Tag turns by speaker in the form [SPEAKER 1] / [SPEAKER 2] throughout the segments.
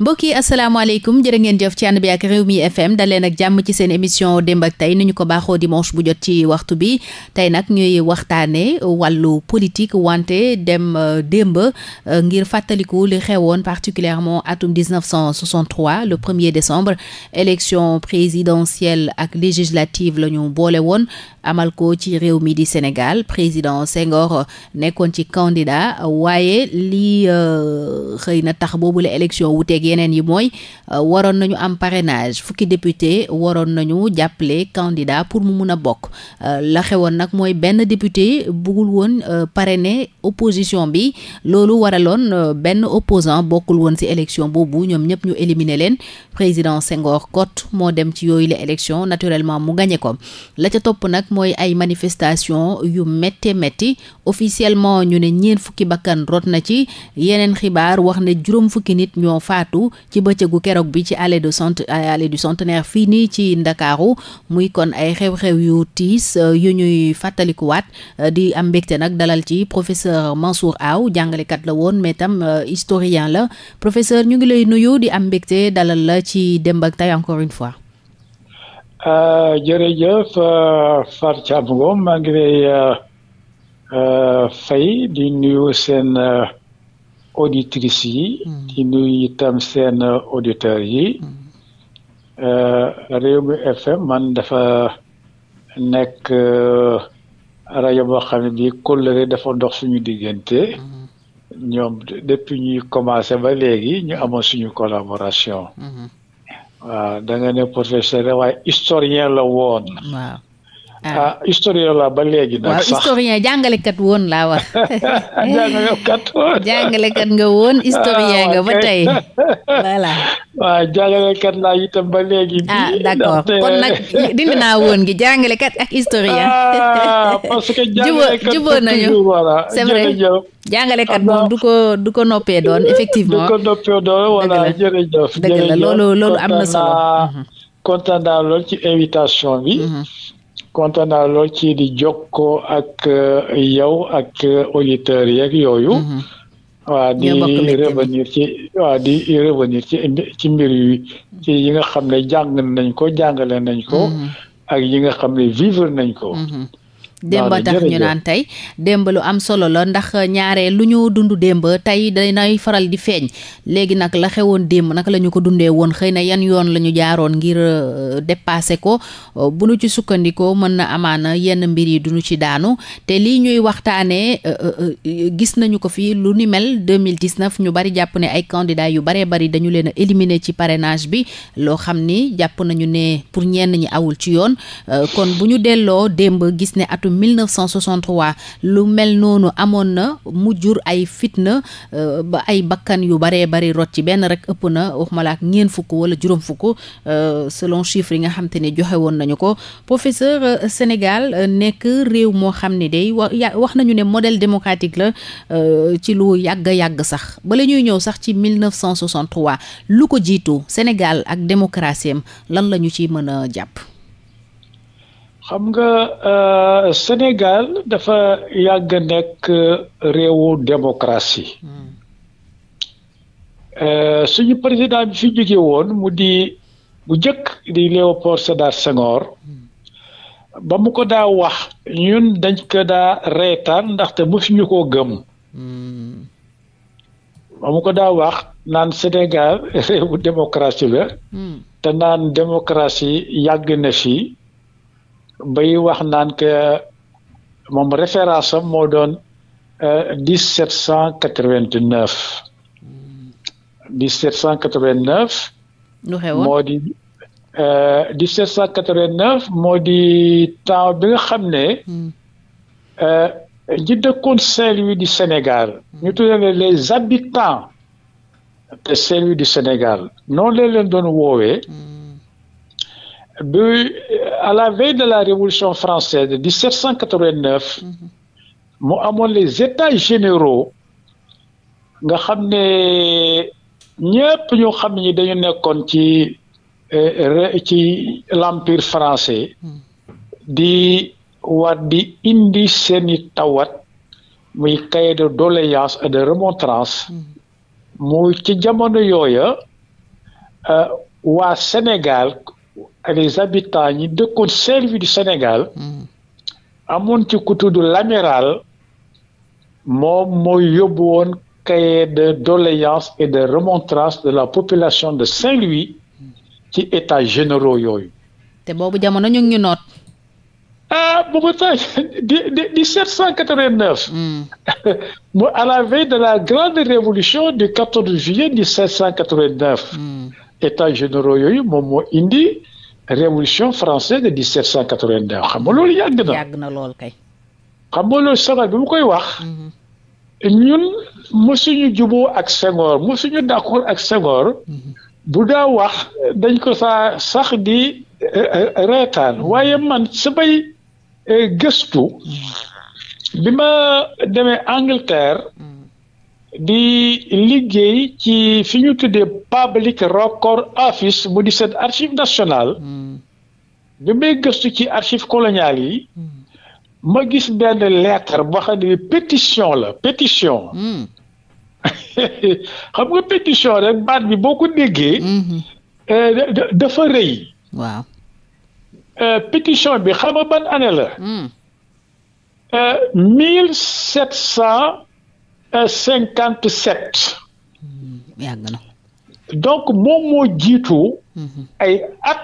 [SPEAKER 1] mbokk yi asalaamaaleykum jërë ngeen jëf ci ànd bi ak réew mi FM daleen ak jàmm ci seen émission démb ak tey ni ko baaxoo dimanche bu jot ci waxtu bi tey nag ñuy waxtaane wàllu politique wante dem euh, démb euh, ngir fàttaliku li xewoon particulièrement atum 1963 le 1er décembre élection présidentielle ak législative la ñu boole woon amal ko ci réew mi di Sénégal président Senghor euh, nekkoon ci candidat waaye lii xëy na tax boobu la élection wuteeg yeeg yeneen yi mooy euh, waroon nañu am parrainage fukki député waroon nañu jàppale candidat pour mu mun a bokk euh, la xewoon nag mooy benn député buggul woon euh, parrainer opposition bi loolu waraloon benn opposant bokkul woon ci élection boobu ñoom ñëpp ñu éliminer leen président Senghor Kot moo dem ci yooyu la élection naturellement mu gagné ko la ca topp nag mooy ay manifestation yu métti métti officiellement ñu ne ñeent fukki bakkan rot na ci yeneen xibaar wax ne juróom artu ci bëccëgu keroog bi ci allée de cent euh, allée du centenaire fii nii ci ndakaaru muy kon ay xew-xew yu tiis euh, yu ñuy fàttalikuwaat euh, di am mbégte nag dalal ci professeur Mansour Aw jàngalekat la woon mais tam historien la professeur ñu ngi lay nuyu di am mbégte dalal la ci démb ak tey encore une fois.
[SPEAKER 2] jërëjëf Fatou Thiam Ngom maa ngi lay fay di nuyu seen. auditrices yi. Hmm. di nuyu itam seen auditeurs yi. Hmm. Euh, Rewmi FM man dafa nekk euh, rajo boo xam ne bii kóllëre dafa dox suñu diggante. Hmm. ñoom depuis ñuy commencé ba léegi ñu amoon suñu collaboration. waaw da ne professeur waaye historien la woon. ah historien la ba léegi. nag sax waaw
[SPEAKER 1] jàngalekat woon laa wax. jàngalekat nga woon historien nga ba tey voilà.
[SPEAKER 2] jàngalekat laa itam ba léegi. ah d'accord kon nag dindi naa
[SPEAKER 1] woon gi jàngalekat ak historien.
[SPEAKER 2] parce que jàngalekat nañu c'est vrai
[SPEAKER 1] jàngalekat moom du ko noppee doon effectivement. du ko
[SPEAKER 2] noppee doon voilà jërëjëf. dëgg la loolu loolu am na solo. kontaan naa lool ci invitation bi. kontaan ci di jokkoo ak eh, yow ak eh, auditeurs yeeg yooyu. Mm-hmm. waa di revenir ci mbir yi mm-hmm. ci yi nga xam ne jàng nañ ko jàngale nañ ko. Mm-hmm. ak yi nga xam ne vivre nañ ko. démb tax ñu naan
[SPEAKER 1] tey lu am solo la ndax ñaare lu ñu dundu démb tey danay faral di feeñ léegi nag la xewoon démb naka la ñu ko dundee woon xëy na yan yoon la ñu jaaroon ngir euh, dépasser ko euh, bu nu ci sukkandikoo mën na amaana yenn mbir yi duñu ci daanu te lii ñuy waxtaanee euh, gis nañu ko fii lu ni mel 2019 ñu bari jàpp ne ay candidats yu baree bari dañu leen a ci parrainage bi loo xam ni jàpp nañu ne pour ñenn ñi awul ci yoon kon bu ñu delloo démb gis ne atum atum 1963 lu mel noonu amoon na mu jur ay fitna euh, ba ay bakkan yu baree bari rot ci benn rek ëpp na waxumala ak ñeen fukk wala juróom fukk euh, selon chiffres yi nga xam te ne joxe woon nañu ko professeur euh, Sénégal nekk réew moo xam ne day wax nañu ne modèle démocratique la ci lu yàgg yàgg sax bala ñuy ñëw sax ci 1963 lu ko jiitu Sénégal ak démocratie lan la ñu ci mën a jàpp.
[SPEAKER 2] xam nga euh, Sénégal dafa yàgg nekk réewu démocratie hmm. euh, suñu président bi fi jóge woon mu di bu jëkk di Léopold Sédar Senghor hmm. ba mu ko daa wax ñun dañ ko daa reetaan ndaxte mu fi ñu koo gëm hmm. ba mu ko daa wax naan Sénégal réewu démocratie la te naan démocratie yàgg na fii bay wax naan que moom référence moo doon euh, dix sept cent quatre vingt neuf dix sept cent quatre vingt neuf moo di euh, dix temps bi nga xam ne hmm. euh, ñi dëkkoon Saint-Louis du Sénégal ñu hmm. tuddee les habitants de Saint-Louis du Sénégal noonu leen leen doon woowee hmm. bi à la veille de la Révolution française de 1789 mu amoon les états généraux nga xam ne ñëpp ñu xam ni dañu nekkoon ci eh, ci l'empire français di war di indi seeni tawat muy cahier de doléance et de remontrances mu ci jamono yooya eh, waa Sénégal ak les habitants ñi dëkkoon Saint-Louis du Sénégal hmm. amoon ci ku tudd l'amiral moom moo yóbbu woon cahier de doléances et de remontrances de la population de Saint-Louis ci états généraux yooyu.
[SPEAKER 1] te boobu jamono ñu ngi ñu noot.
[SPEAKER 2] ah boobu temps di di di 1789. Hmm. mu à de la grande révolution du 14 juillet 1789. Hmm. états généraux yooyu moom moo indi révolution française de 1782 xam nga loolu yàgg na. yàgg na lool kay. xam nga loolu Senghor bi mu koy wax. Mhm. ñun mosuñu juboo ak Senghor mosuñu d'accord ak Senghor. Mhm. bu daa wax dañ ko saa sax di eh, eh, reetaan mhm. waaye man samay eh, gëstu bi ma demee Angleterre. di liggéey ci fi ñu tuddee public record office bu di seen archive nationale hmm. bi may gëstu ci archive coloniale yi hmm. ma gis benn lettre boo hmm. xam nga pétition rek baat bi boo ko déggee euh, dafa rëy euh, pétition bi xam nga ban année la euh, Euh, cinquante sept. yàgg donc moom moo jiitu. Mhm. ay at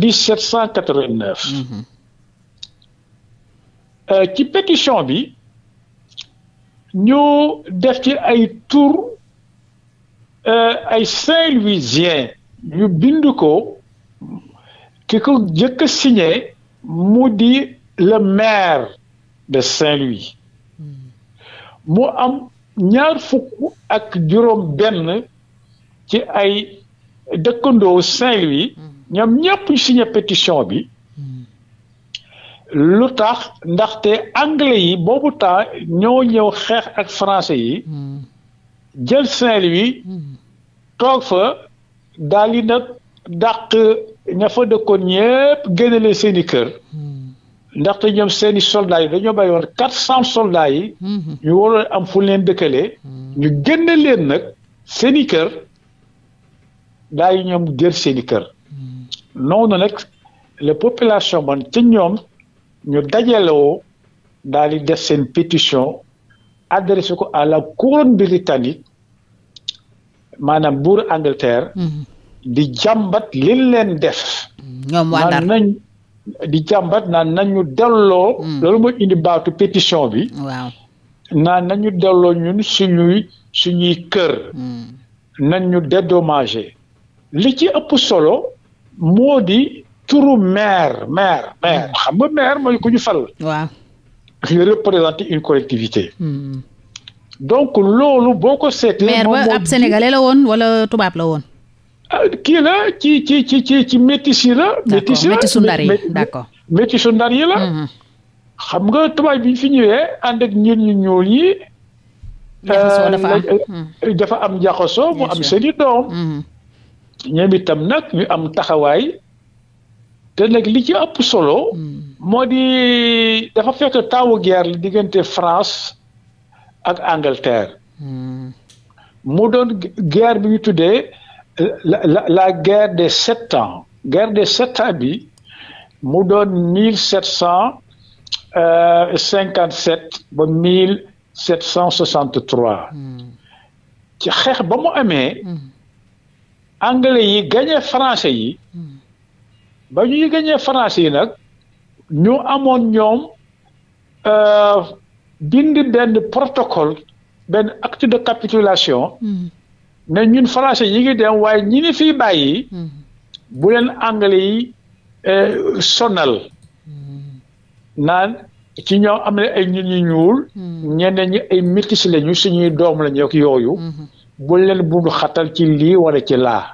[SPEAKER 2] dix sept mhm. euh, ci pétition bi ñu def ci ay tour euh, ay Saint-Louisien ñu bind ko ki ko jëkk a signé mu di le maire de Saint-Louis. mu am ñaar fukk ak juróom benn ci ay dëkkandoo Saint-Louis mm-hmm. ñoom ñëpp ñu signé pétition bi mm-hmm. lu tax ndaxte anglais yi boobu temps ñoo ñëw xeex ak français yi mm-hmm. jël Saint-Louis toog fa daal di dàq ña fa dëkkoon ñëpp génne seeni kër. ndaxte ñoom seeni soldats yi dañoo bàyyi woon quatre cent soldats yi. Mhm. ñu waroon am fu leen dëkkalee. Mhm. ñu génne leen nag seeni kër daañu ñoom jël seeni kër. Mhm. noonu nag la population ba ci ñoom ñu dajalewoo daal di def seen pétition adressé ko à la couronne britannique maanaam buur Angleterre. di jàmbat li leen def. ñoom di jàmbat naan nañu delloo. Hmm. loolu mooy indi baatu pétition bi. waaw naan nañu delloo ñun suñuy suñuy kër. Hmm. nañu dédommager li ci ëpp solo moo di turu maire maire maire hmm. xam nga maire mooy ku ñu fal. waaw collectivité. donc loolu boo ko seetee. maire ba ab
[SPEAKER 1] sénégalais la woon wala tubaab la woon.
[SPEAKER 2] kii la ci ci ci ci ci métis la. métis la métisu ndar yi ndar yi la. Mm-hmm. xam nga tubaab bi fi ñëwee ànd ak ñun ñu ñuul ñi euh, mm. dafa am jaxasoo mu am seeni doom. Mm-hmm. ñoom itam nag ñu am taxawaay. te nag li ci ëpp solo. Mm. moo di dafa fekk taawu guerre la diggante France ak Angleterre. Mm. mu doon guerre bi ñu tuddee. la, la la guerre des sept ans guerre des sept ans bi mu doon mille sept cent euh, cinquante sept ba mille sept cent soixante trois xeex ba mu amee anglais yi gañe français yi ba ñuy gañee français yi nag ñu amoon ñoom euh, bind benn protocole benn acte de capitulation. Mm. ne ñun français yi ngi dem waaye ñi ni fii bàyyi hmm. bu leen anglais yi eh, sonal hmm. naan ci ñoom am na ay nit ñu ñuul hmm. ñeneen ñi ay métis lañu suñuy doom lañu ak yooyu bu leen bundu xatal ci lii wala ci laa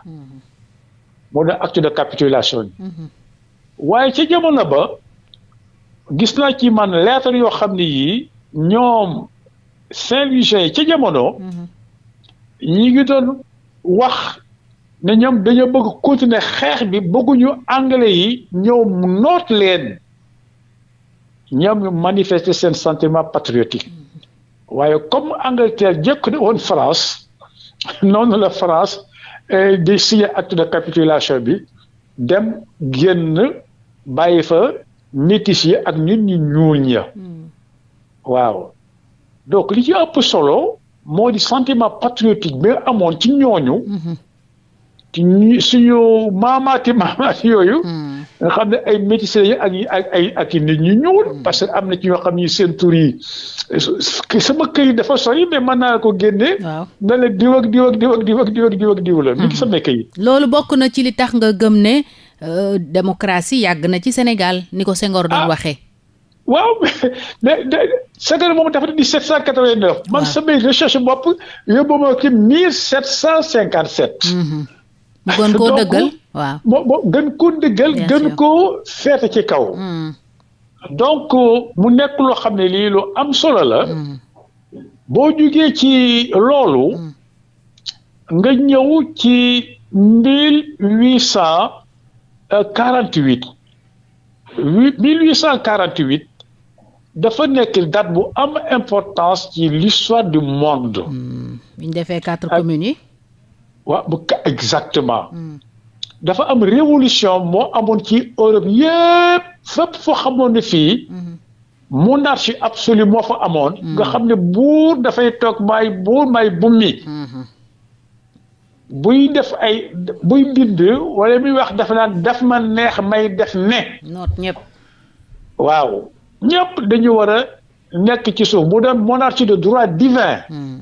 [SPEAKER 2] moo doon acte de capitulation waaye ca jamono ba gis naa ci man lettre yoo xam ne yii ñoom Saint-Louisien ca jamono ñi ngi doon wax ne ñoom dañoo bëgg continuer xeex bi bëgguñu anglais yi ñëw noot leen ñam ñu manifester seen sentiment patriotique waaye comme Angleterre jëkk na woon France noonu la France eh, di signé acte capitulation bi dem génn bàyyi fa métis ak ñu ñuul ña hmm. waaw donc li ci ëpp solo moo di sentiment patriotique bi amoon ci ñooñu. ci ñi suñu maamaati maamaati yooyu. nga xam ne ay métis yi ak ak ay ak i nit ñu ñuul. parce que am na ci ñoo xam ni seen tur yi sama kër dafa sori mais mën naa ko génne. waaw diw ak diw ak diw ak diw ak diw ak diw ak la. mi ngi sama kayit.
[SPEAKER 1] Hmm. loolu bokk na ci li tax nga gëm ne euh, démocratie yàgg na ci Sénégal ni ko Senghor doon ah. waxee.
[SPEAKER 2] waaw mais secret moom dafa di 789. man samay recherche bopp yóbbu ma ci 1757. Mhm. mu gën koo dëggal waaw moo gën koo dëggal gën koo feete ci kaw. Mhm. donc mu nekk loo xam ne lii lu am solo la. Mhm. boo jugee ci loolu. nga ñëw ci mille huit cent quarante huit. mille huit cent quarante huit. dafa nekk date bu am importance ci l'histoire du monde. Hmm.
[SPEAKER 1] bi ñu defee quatre ah. communes yi.
[SPEAKER 2] waaw bu exactement. Hmm. dafa am révolution moo amoon ci Europe yëpp fépp foo xamoon ne fii. Hmm. monarchie absolue moo fa amoon. nga xam ne buur dafay toog may buur may bummi. buy def ay buy bind wala muy wax dafa naan daf ma neex may def ne. noot ñëpp. waaw ñëpp dañu war a nekk ci suuf mu doon monarchie de droit divin hmm.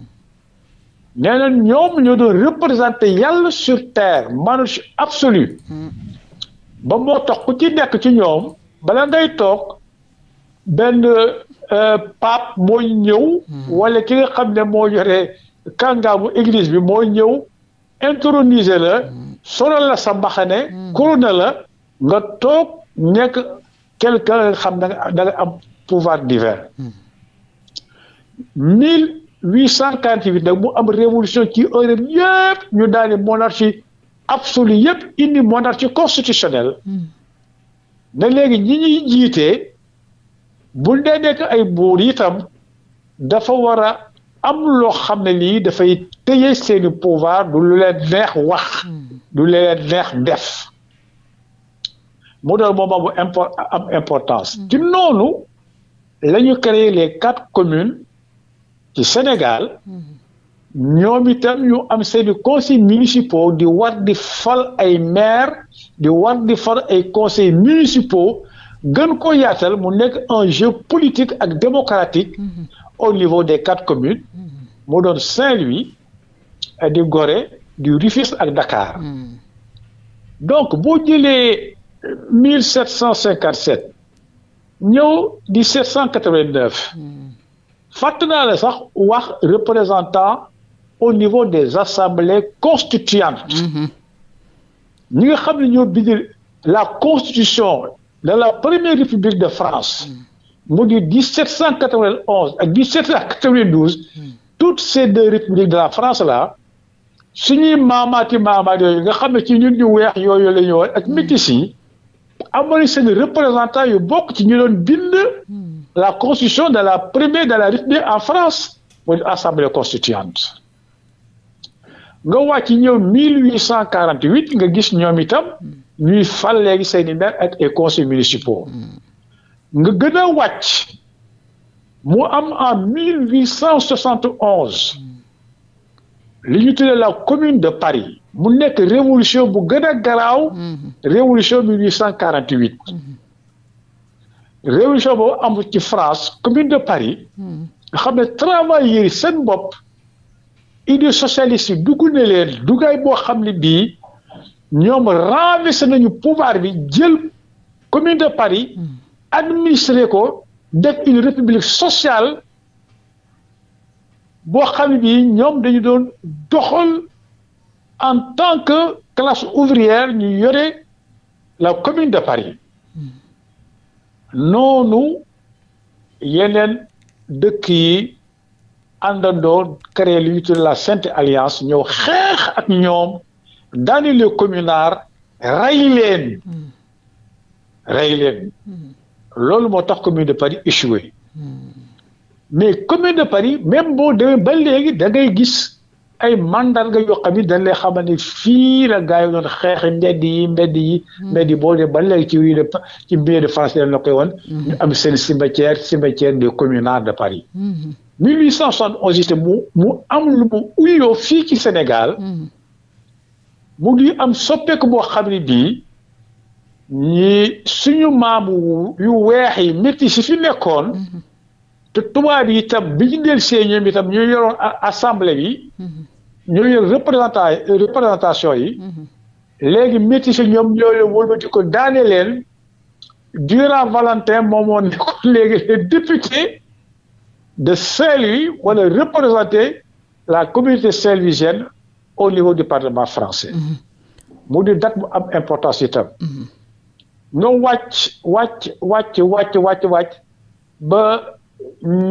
[SPEAKER 2] nee na ñoom ñoo doon représenté yàlla sur terre monarchie absolue hmm. ba moo tax ku ci nekk ci ñoom bala ngay toog benn euh, pape mooy ñëw hmm. wala ki nga xam ne moo yore kàngaamu église bi mooy ñëw introniser la solal la sa mbaxane kurona la nga toog nekk quelqu'un xam ne da am pouvoir divin hmm. mille huit cent quarante mu am révolution ci heure yëpp ñu daal di monarchie absolue yëpp indi monarchie constitutionnelle hmm. na léegi ñi ñuy jiitee buñ dee nekk ay buur itam dafa war a am loo xam ne lii dafay téye seeni pouvoir du lu leen neex wax hmm. du lu leen neex def modèle boobu bu impor am importance mm-hmm. ci noonu la ñu les quatre communes ci Sénégal mm-hmm. ñoom ñu am seeni conseils municipaux di war di fal ay maire di war di fal ay conseils municipaux gën ko yaatal mu nekk un jeu politique ak démocratique mm-hmm. au niveau des quatre communes mu doon Saint-Louis di Gorée du Rufisque ak Dakar donc boo jëlee 1757 ñëw 1789 hmm. fàtt naa la sax wax représentant au niveau des assemblées constituantes hmm. ñi nga xam ne ñoo la constitution de la première république de France hmm. mu di 1791 ak 1792 toutes ces deux républiques de la France là suñuy maamaati maamaat yooyu nga xam ne ci ñun ñu weex yooyu la ñu ak métis amari seen représentant yu bokk ci ñu doon bind hmm. la constitution de la première de la République en France mooy assemblée constituante nga wàcc ñëw 1848 nga gis ñoom itam hmm. ñuy fal léegi seen i maire ak ay conseils municipaux hmm. nga gën a wàcc mu am en 1871 li ñu tuddee la commune de Paris mu nekk révolution bu gën a garaaw mhm. révolution mille huit cent quarante huit mhm. révolution boobu am ci France commune de Paris mhm. nga xam ne travailleurs yi seen bopp idée socialiste yi dugg na leen duggaay boo xam ne bii ñoom renversé nañu pouvoir bi jël commune de Paris administré ko def une république sociale boo xam ne bii ñoom dañu doon doxal en tant que classe ouvrière ñu yore la commune de Paris noonu yeneen dëkk yi àndandoo créé lu ñu la Sainte Alliance ñëw xeex ak ñoom daani les communards rey leen rey leen loolu moo tax commune de Paris échoué hmm. mais commune de Paris même boo demee ba léegi da ngay gis ay màndarga yoo xam ne dañ lay xamal ne fii la gars yi doon xeexi mbedd yi mbedd yi. Hmm. mbedd yi boo ba léegi ci rue de ci biir de France la koy woon. ñu hmm. am seen cimetière cimetière des communards de Paris. 1871 hmm. itam mu mu am lu mu uyoo fii ci Sénégal. mu ngi am soppeeku boo xam ne bii ñi suñu maamu yu weex yi métis yi fi nekkoon. te tubaab yi bi ñu del see ñoom itam ñoo yoroon assemblée bi ñoo yor représentant représentation yi léegi métis yi ñoom ñoo leen wëlbati ko daane leen durant Valentin moom nekkoon léegi les députés de Saint-Louis wala représenter la communauté saint-louisienne au niveau du parlement français mu di date bu am importance itam mhm. ñoo wàcc wàcc wàcc wàcc wàcc wàcc ba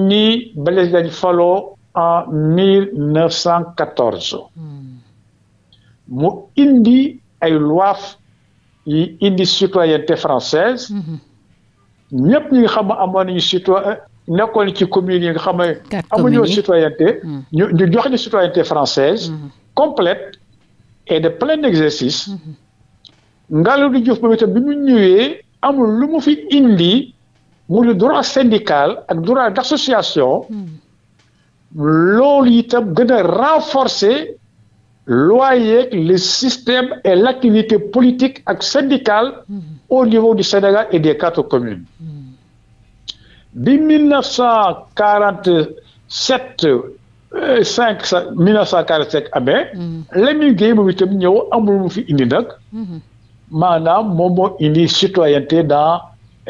[SPEAKER 2] ni Blaise Diagne faloo en 1914 mu indi ay loi yi indi citoyenneté française hmm. ñëpp ñu ngi xam ne amoon nañu citoyen nekkoon ci communes yi nga xam ne amuñu citoyenneté hmm. ñu ñu jox ñu citoyenneté française hmm. complète et de plein exercice Ngalandou Diouf moom itam bi mu ñëwee amul lu mu fi indi mu di droit syndical ak droit d'association loolu itam gën a renforcer loi le système et l'activité politique ak syndicale au niveau du Sénégal et des quatre communes bi 1947 euh, cinq sa 1945 amee. Lamine Gueye moom itam ñëw amul mu fi indi nag. Mm-hmm. maanaam moom moo indi citoyenneté dans.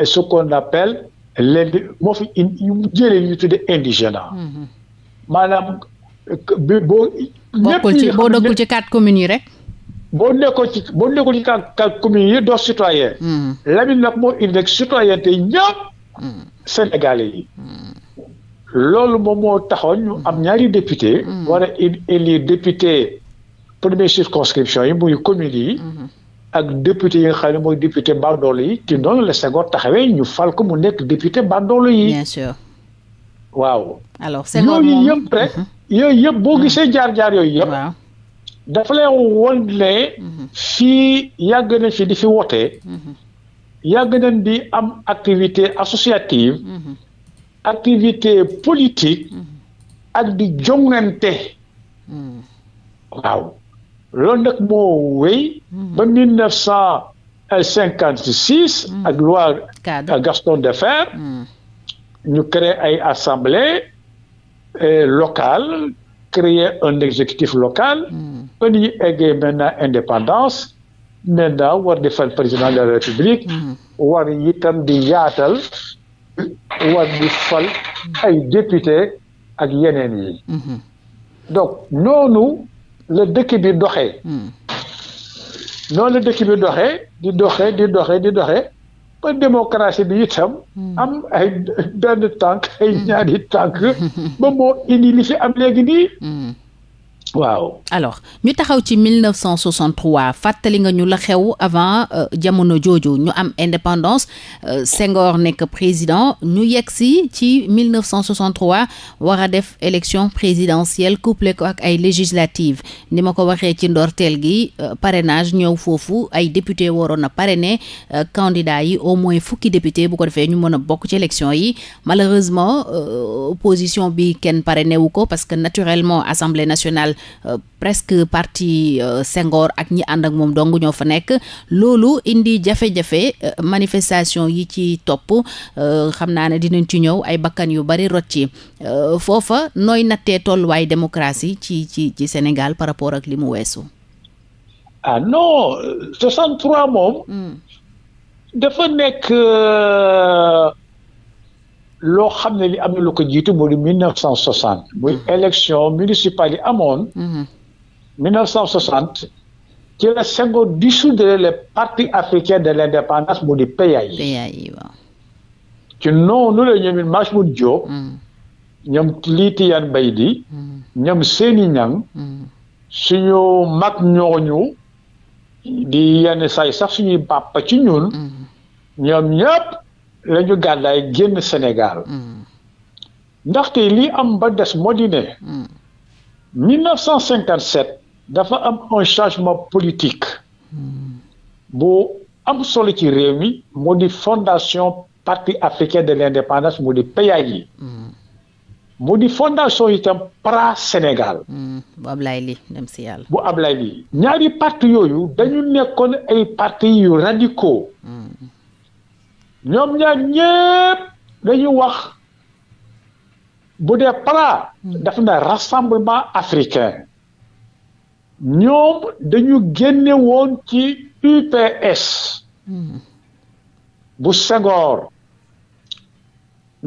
[SPEAKER 2] ce qu'on appelle l' moo fi yu jëlee li ñu tuddee indigénat. Mm-hmm. maanaam euh, boo. bokkul ci boo dëkkul ci
[SPEAKER 1] quatre communes yi rek.
[SPEAKER 2] boo nekkoon ci boo nekkoon ci yi doo citoyen. Mm-hmm. Lamine nag moo indi rek citoyenneté ñëpp. Mm-hmm. Sénégalais yi. loolu moom moo taxoon ñu am ñaari député. war a indi député première circonscription yi muy communes yi. ak député yi nga xam ne mooy député bandoolo yi ci noonu la Senghor taxawee ñu fal ko mu nekk député bandoolo yi. bien waaw. alors Senghor yooyu yëpp rek. Mhm. yooyu yëpp boo mhm. gisee jaar-jaar yooyu yëpp. waaw dafa lay won ne. Mhm. fii yàgg na fi di fi woote yàgg nañ di am activité associative. activité politique. ak di jongante. waaw. loolu nag moo wéy mhm. ba mille neuf cent cinquante six mhm. ak loi Gaston Defferre mhm. ñu créer ay assemblée euh, locale créer un exécutif local ba ñu indépendance maintenant war di fal président de la république war itam di yaatal war di fal ay député ak yeneen donc noonu la dëkk bi doxee. Hmm. noonu la dëkk bi doxee di doxee di doxee di doxee ba démocratie bi itam. Hmm. am ay benn tànk ay hmm. ñaari tànk ba moo indi li fi am léegi nii.
[SPEAKER 1] waaw alors ñu taxaw ci 1963 fàttali nga ñu la xew avant euh, jamono jooju ñu am indépendance euh, Senghor nekk président ñu yegg si ci 1963 war a def élection présidentielle couplé ko ak ay législative ni ma ko waxee ci ndorteel gi euh, parrainage ñëw foofu ay député waroon a parrainer candidat yi au moins fukki député bu ko defee ñu mën a bokk ci élection yi malheureusement opposition bi kenn parrainé wu ko parce que naturellement assemblée nationale Euh, presque parti euh, Senghor ak ñi ànd ak moom dong ñoo fa nekk loolu indi jafe-jafe euh, manifestation yi ci topp xam naa ne dinañ ci ñëw ay bakkan yu bari rot ci foofa nooy nattee tolluwaay démocratie ci ci ci Sénégal par rapport ak li mu weesu.
[SPEAKER 2] ah non moom. Hmm. dafa nekk. loo xam ne li am na lu ko jiitu moo di mille neuf cent soixante muy mhm. élection municipale yi amoon mhm. mille neuf cent soixante ci la Senghor dissoudre parti africain de l'indépendance mu di PAI PAI waaw ci noonu la ñoom it Majhemout Diop mhm. ñoom Litiyan Baydi ñoom Seyni Niang suñu mag ñooñu di yenn saay sax suñuy papa ci ñun ñoom ñëpp la ñu gàddaay génn Sénégal hmm. ndaxte li am ba des moo di ne 1957 hmm. dafa am un changement politique hmm. bu am solo ci réew mi moo di fondation parti africain de l'indépendance moo di PAI mu di fondation itam PRA Sénégal. bu Ablaye Ly dem si yàlla. bu Ablaye Ly ñaari parti yooyu dañu nekkoon ay parti yu radicaux. ñoom ñaar ñépp dañuy wax bu dee para hmm. def na rassemblement africain ñoom dañu génne woon ci UPS hmm. bu Senghor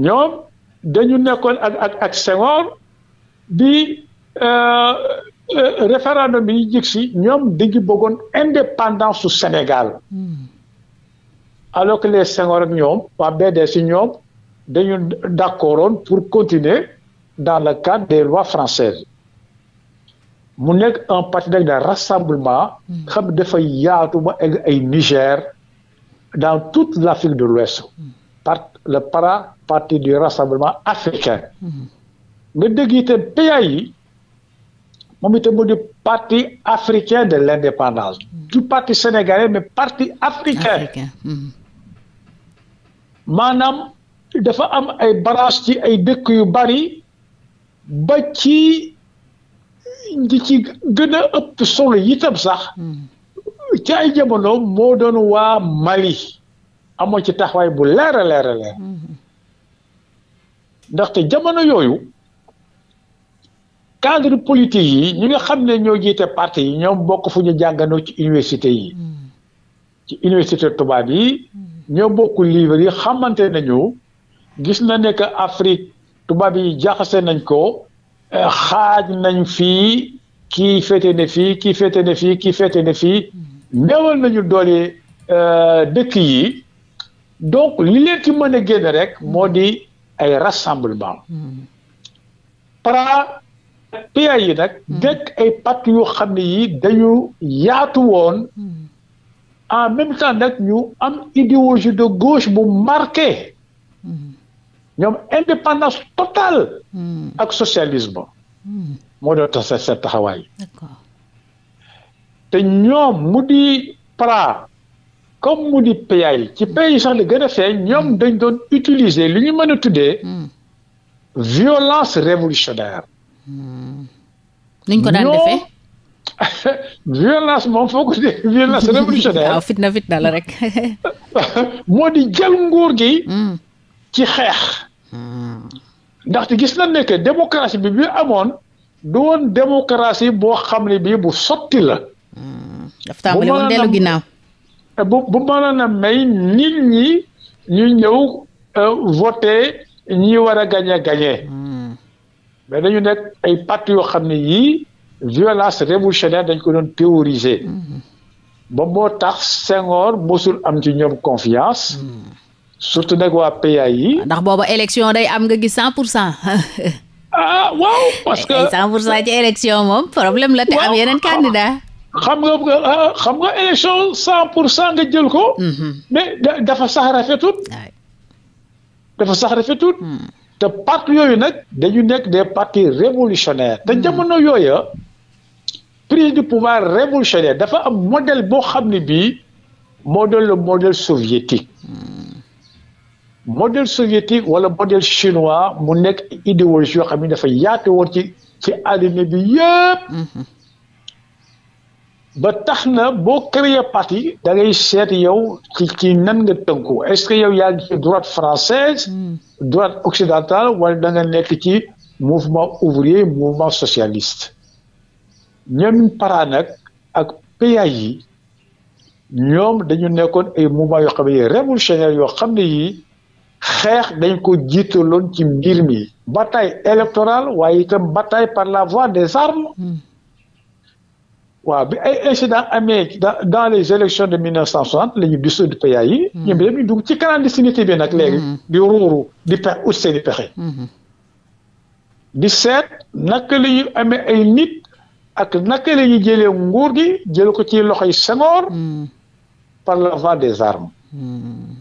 [SPEAKER 2] ñoom dañu nekkoon ak ak ak Senghor bi euh, euh, référendum yi jig si ñoom dañu bëggoon indépendance su Sénégal hmm. alors que les Senghor ak ñoom waa BDS ñoom dañu d'accordoon pour continuer dans le cadre des lois françaises mu nekk un parti nag de rassemblement mm. xam dafa yaatu ba egg ay Niger dans toute l'Afrique de l'Ouest mm. le para parti du rassemblement africain mm-hmm. nga dégg itam PA yi moom itam mu di parti africain de l'indépendance mm. du parti sénégalais mais parti africain, maanaam dafa am ay barrage ci ay dëkk yu bari ba ci di ci gën a ëpp solo yitam sax hmm. ci ay jamono moo doon waa Mali amoon ci taxawaay bu leer leer a hmm. ndaxte jamono yooyu cadre politique yi ñu ngi xam ne ñoo jiite parti yi ñoom bokk fu ñu jànganoo ci université yi hmm. ci université tubaab yi ñoo bokk livre yi xamante nañu gis na nekk Afrique tubaab yi jaxase nañ ko eh, xaaj nañ fii ki féete ne fii kii féete ne fii kii féete ne fii néewal nañu doole eh, dëkk yi donc li leen ci mën a génn rek moo di ay rassemblement para pays yi nag hmm. nekk ay pàcc yoo xam ne yi dañu yaatu woon hmm. en même temps nag ñu am idéologie de gauche bu marqué mm-hmm. ñoom indépendance totale mm-hmm. ak socialisme mm-hmm. moo doon tax seen taxawaay te ñoom mu di pra comme mu di payal ci pays sax li gën a feeñ ñoom dañ doon utiliser li ñu mën a tuddee violence révolutionnaire niñ ko daan defee violence moom foo ko dee violence révolutionnaire waaw fitna fitna la rek. moo di jël nguur gi. Hmm. ci xeex. Hmm. ndaxte gis nañ nekk que démocratie bi bi amoon du woon démocratie boo xam ne bii bu sotti la. Hmm. dafa tàmbali woon dellu ginnaaw bu bu mënoon a may nit ñi ñu ñëw euh, voté ñi war a gañe gañe mais dañu nekk ay parti yoo xam ne yii. violence révolutionnaire dañ ko doon théoriser mhm. ba moo tax sengoor mosul am ci ñoom confiance mhm. surtout nag waa PA yi
[SPEAKER 1] ndax booba élection day am nga gis cent pour cent
[SPEAKER 2] ah waaw parce
[SPEAKER 1] que eh, cent pour cent ci élection moom problème la te am yeneen candidat
[SPEAKER 2] xam nga ah, xam nga élection cent pour cent nga jël ko mhm. mais dafa sax rafetul dafa sax rafetul hmm. te part yooyu nag dañu nekk des partis révolutionnaire te hmm. jamono yooya prise du pouvoir révolutionnaire dafa am modèle boo xam ne bii moo doon le modèle soviétique modèle soviétique wala modèle chinois mu nekk idéologie yoo xam ne dafa yaatu woon ci ci àddina bi yëpp ba tax na boo créer parti da ngay seet yow ci nan nga tënku est-ce que yow yaa ngi ci droite française mm. droite occidentale wala da nga nekk ci mouvement ouvrier mouvement socialiste ñoom para nag ak péage yi ñoom dañu nekkoon ay mouvement yoo xam ne yi révolutionnaire yoo xam ne yi xeex dañ ko jiitaloon ci mbir mi bataille électoral waaye itam bataille par la voie des armes hmm. waa bi ay incident amee dans les élections de mille neuf cent soixante la ñu dissout du PAI yi ñoom itam ñu dugg ci clandestinité bi nag léegi hmm. di ruuru di pex ut seeni pexe hmm. di seet naka la amee ay nit ak naka la ñuy jëlee nguur gi jël ko ci loxoy Senghor hmm. par la voie des armes hmm.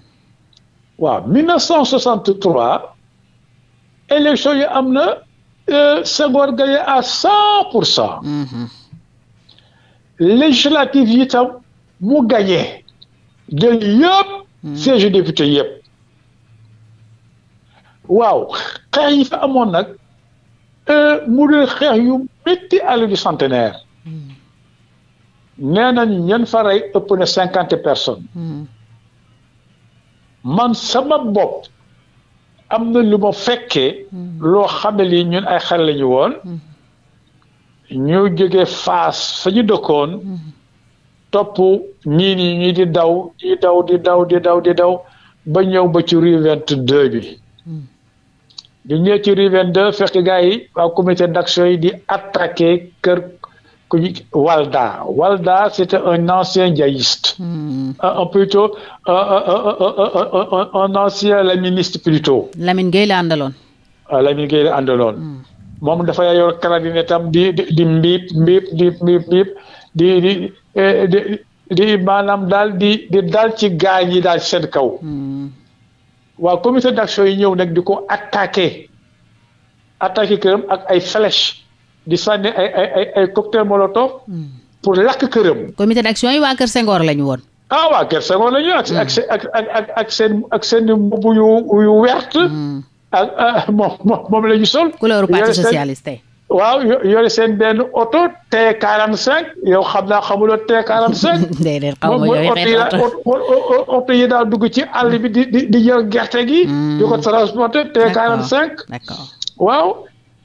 [SPEAKER 2] waaw 1963 élection yi am na euh, Senghor gagné à cent pour cent hmm. législative yi tam mu gagné jël yëpp siège député yëpp waaw xeex yi fa amoon nag Euh, mu dee xeex yu métti àll du centenaire hmm. nee nañ ñen fa rey ëpp na cinquante personnes hmm. man sama bopp am na lu ma fekkee hmm. loo xam ne lii ñun ay xale lañu woon ñu jege faas fa ñu dëkkoon topp ñii yi ñi di daw di daw di daw di daw di daw ba ñëw ba ci rue vingt-deux bi ñu ñëw ci rue 22 fekk gars yi waa comité d'action yi di attaqué kër ku ñu Walda Walda c'était un ancien jaïste hmm. un plutôt un ancien laministe plutôt
[SPEAKER 1] Lamine Gueye la àndaloon
[SPEAKER 2] ah, Lamine la àndaloon hmm. moom dafa yor karabine tam di di mbiip mbiip di mbiip eh, di di di maanaam daal di di daal ci gaañ yi daal seen kaw hmm. waaw comité d'action yi ñëw nag di ko attaqué attaqué këram ak ay flèche di sànni ay ay ay cocktail molotov hmm. pour lakk këram.
[SPEAKER 1] comité d'action yi waa Kër Senghor la woon.
[SPEAKER 2] ah waa Kër Senghor la hmm. ak ak ak ak seen ak seen mbubb yu yu werte. Hmm. Ah, moom moom la ñu sol. couleur parti socialiste waaw yore seen benn oto T45 yow xam naa xamuloo T45. déedéet xaw ma yooyu xeetu oto moom mooy oto yi daal dugg ci àll bi di di gerte gi. Hmm. di ko transporter T45. d'accord waaw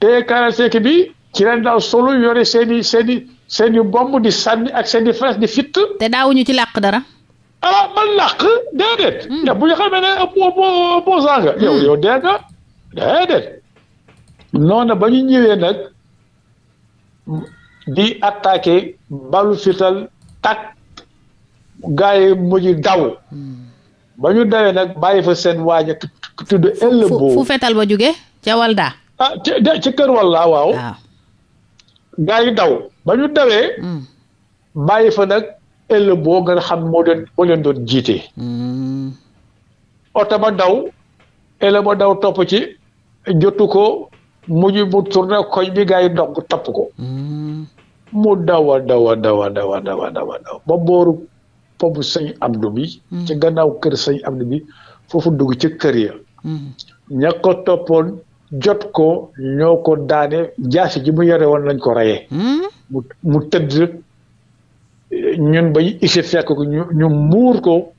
[SPEAKER 2] T45 bi ci leen daal solo yore seen i seen i seen bomb di sànni ak seen i di fitt. te daawuñu ci làq dara. ah man làq déedéet. yow hmm. bu ñu xamee ne boo boo hmm. yow yow dee nga noona ba ñu ñëwee nag di attaqué balu fital tak gaa yi mujj daw ba ñu dawee nag bàyyi fa seen waaja tudd ëll fu
[SPEAKER 1] fetal ba jóge ca Walda
[SPEAKER 2] ah ci kër Walda waaw gaa yi daw ba ñu dawee mm. bàyyi fa nag ëll boo nga xam moo doon moo leen doon jiite mm. oto ba daw ëll ba daw topp ci jotu ko mujj mu tourné koñ bi gars yi dog tapp ko. mu dawa dawa dawa dawa dawa ba booru pobu sëñ Abdou bi. Hmm. ci gannaaw kër sëñ Abdou bi foofu dugg ci kër ya. Hmm. ña ko toppoon jot ko ñoo ko daane jaasi ji mu yore woon lañ ko reye hmm. mu mu tëdd ñun ba ñu isi fekk ñu muur ko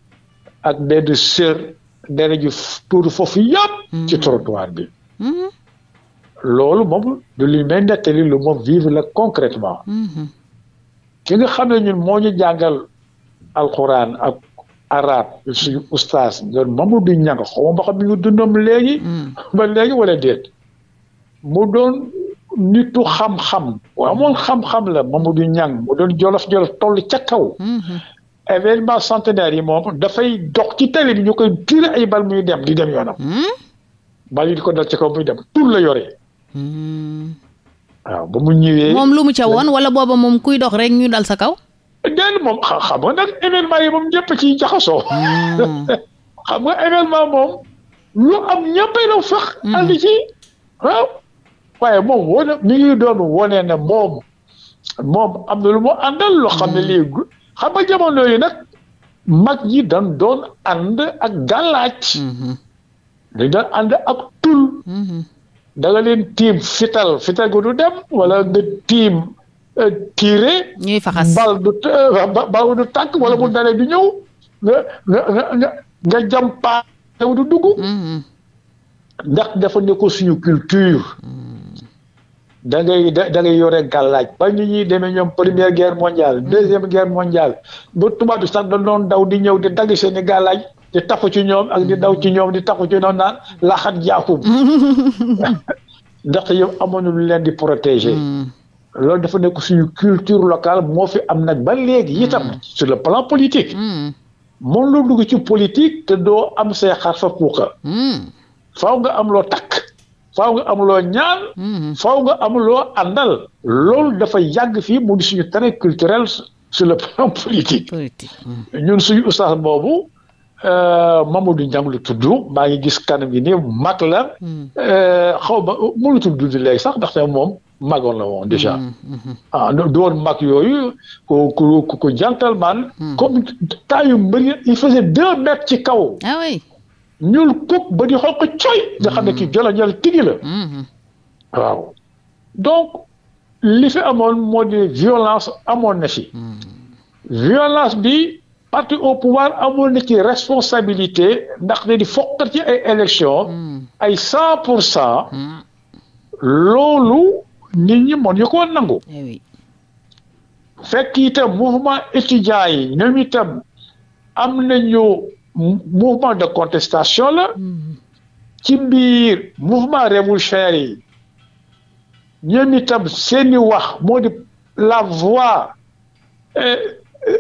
[SPEAKER 2] ak benn sër dere ji tuur foofu yàpp. ci trottoir bi. loolu moom du li may nettali lu moom vivre la concrètement mm-hmm. ki nga xam ne ñun moo ñu jàngal alxuraan ak arab suñu ustaas doon Mamadou Niang ma xam mi ngi dundam léegi mm. ba léegi wala déet mu doon nitu xam-xam amoon xam-xam la Mamadou Niang mu doon jolof-jolof toll ca kaw mm-hmm. événement centenaire yi moom dafay dox ci télé bi ñu koy tiir ay bal muy dem di dem yoonam mm-hmm. bal yi di ko dal ci kaw muy dem tur la yore waaw hmm. ah, ba mu ñëwee. moom lu mu
[SPEAKER 1] ca won wala booba moom kuy dox rek ñu dal sa kaw.
[SPEAKER 2] déedéet moom xam nga nag ma yi moom ñëpp ciy jaxasoo. Hmm. xam nga événement moom lu am ñëppay la hmm. ci waaw. waaye moom mi ngi doon wone ne moom moom am na lu mu àndal loo xam ne lii xam nga jamono yi nag mag ñi dañ doon ànd ak gàllaaj dañ doon ànd ak tul da nga leen tiim fital fital gu du dem wala nga tiim euh, tiire ñuy faxas bal du euh, bal du wala bu daree du ñëw nga nga nga nga jam paa du dugg mm-hmm. ndax dafa ne ko suñu culture mm-hmm. da ngay da ngay yore gàllaaj ba ñu ñuy demee ñoom première guerre mondiale mm-hmm. deuxième guerre mondiale bu tubaab bi sax da doon daw di ñëw di dagg seeni gàllaaj di tafu ci ñoom ak di daw ci ñoom di tafu ci ñoom naan laaxat jaakum ndaxte yow amoon lu leen di protéger. Hmm. loolu dafa nekku suñu culture locale moo fi am nag ba léegi hmm. itam sur le plan politique. moom hmm. lu dugg ci politique te doo am see xar fa puuka. faaw nga am loo takk. faaw nga am loo ñaan. faaw nga am loo àndal. loolu dafa yàgg fii mu di suñu trait culturel sur le plan politique. ñun suñu ustaas boobu. Euh, Mamadou Niang lu tudd maa ngi gis kanam gi nii mag la. Hmm. Euh, xaw ma mënatul dund léegi sax ndaxte moom magoon la woon déjà. Hmm, hmm, ah, doon mag yooyu ku gentleman. comme temps yu il faisait deux mètres ci kaw. Ah ñuul kuk ba di xonq coy. nga xam ne kii joloñal tigi la. waaw donc li fi amoon moo di violence amoon na si. violence bi. parti au pouvoir amoon na ci responsabilité ndax ne di foqat ci ay élection hmm. ay cent pour cent hmm. loolu nit ñi mën ñu nangu eh fekk itam mouvement étudiant yi ñoom itam am nañu mouvement de contestation la hmm. ci biir mouvement révolutionnaire yi ñoom itam seeni wax moo di la voix euh,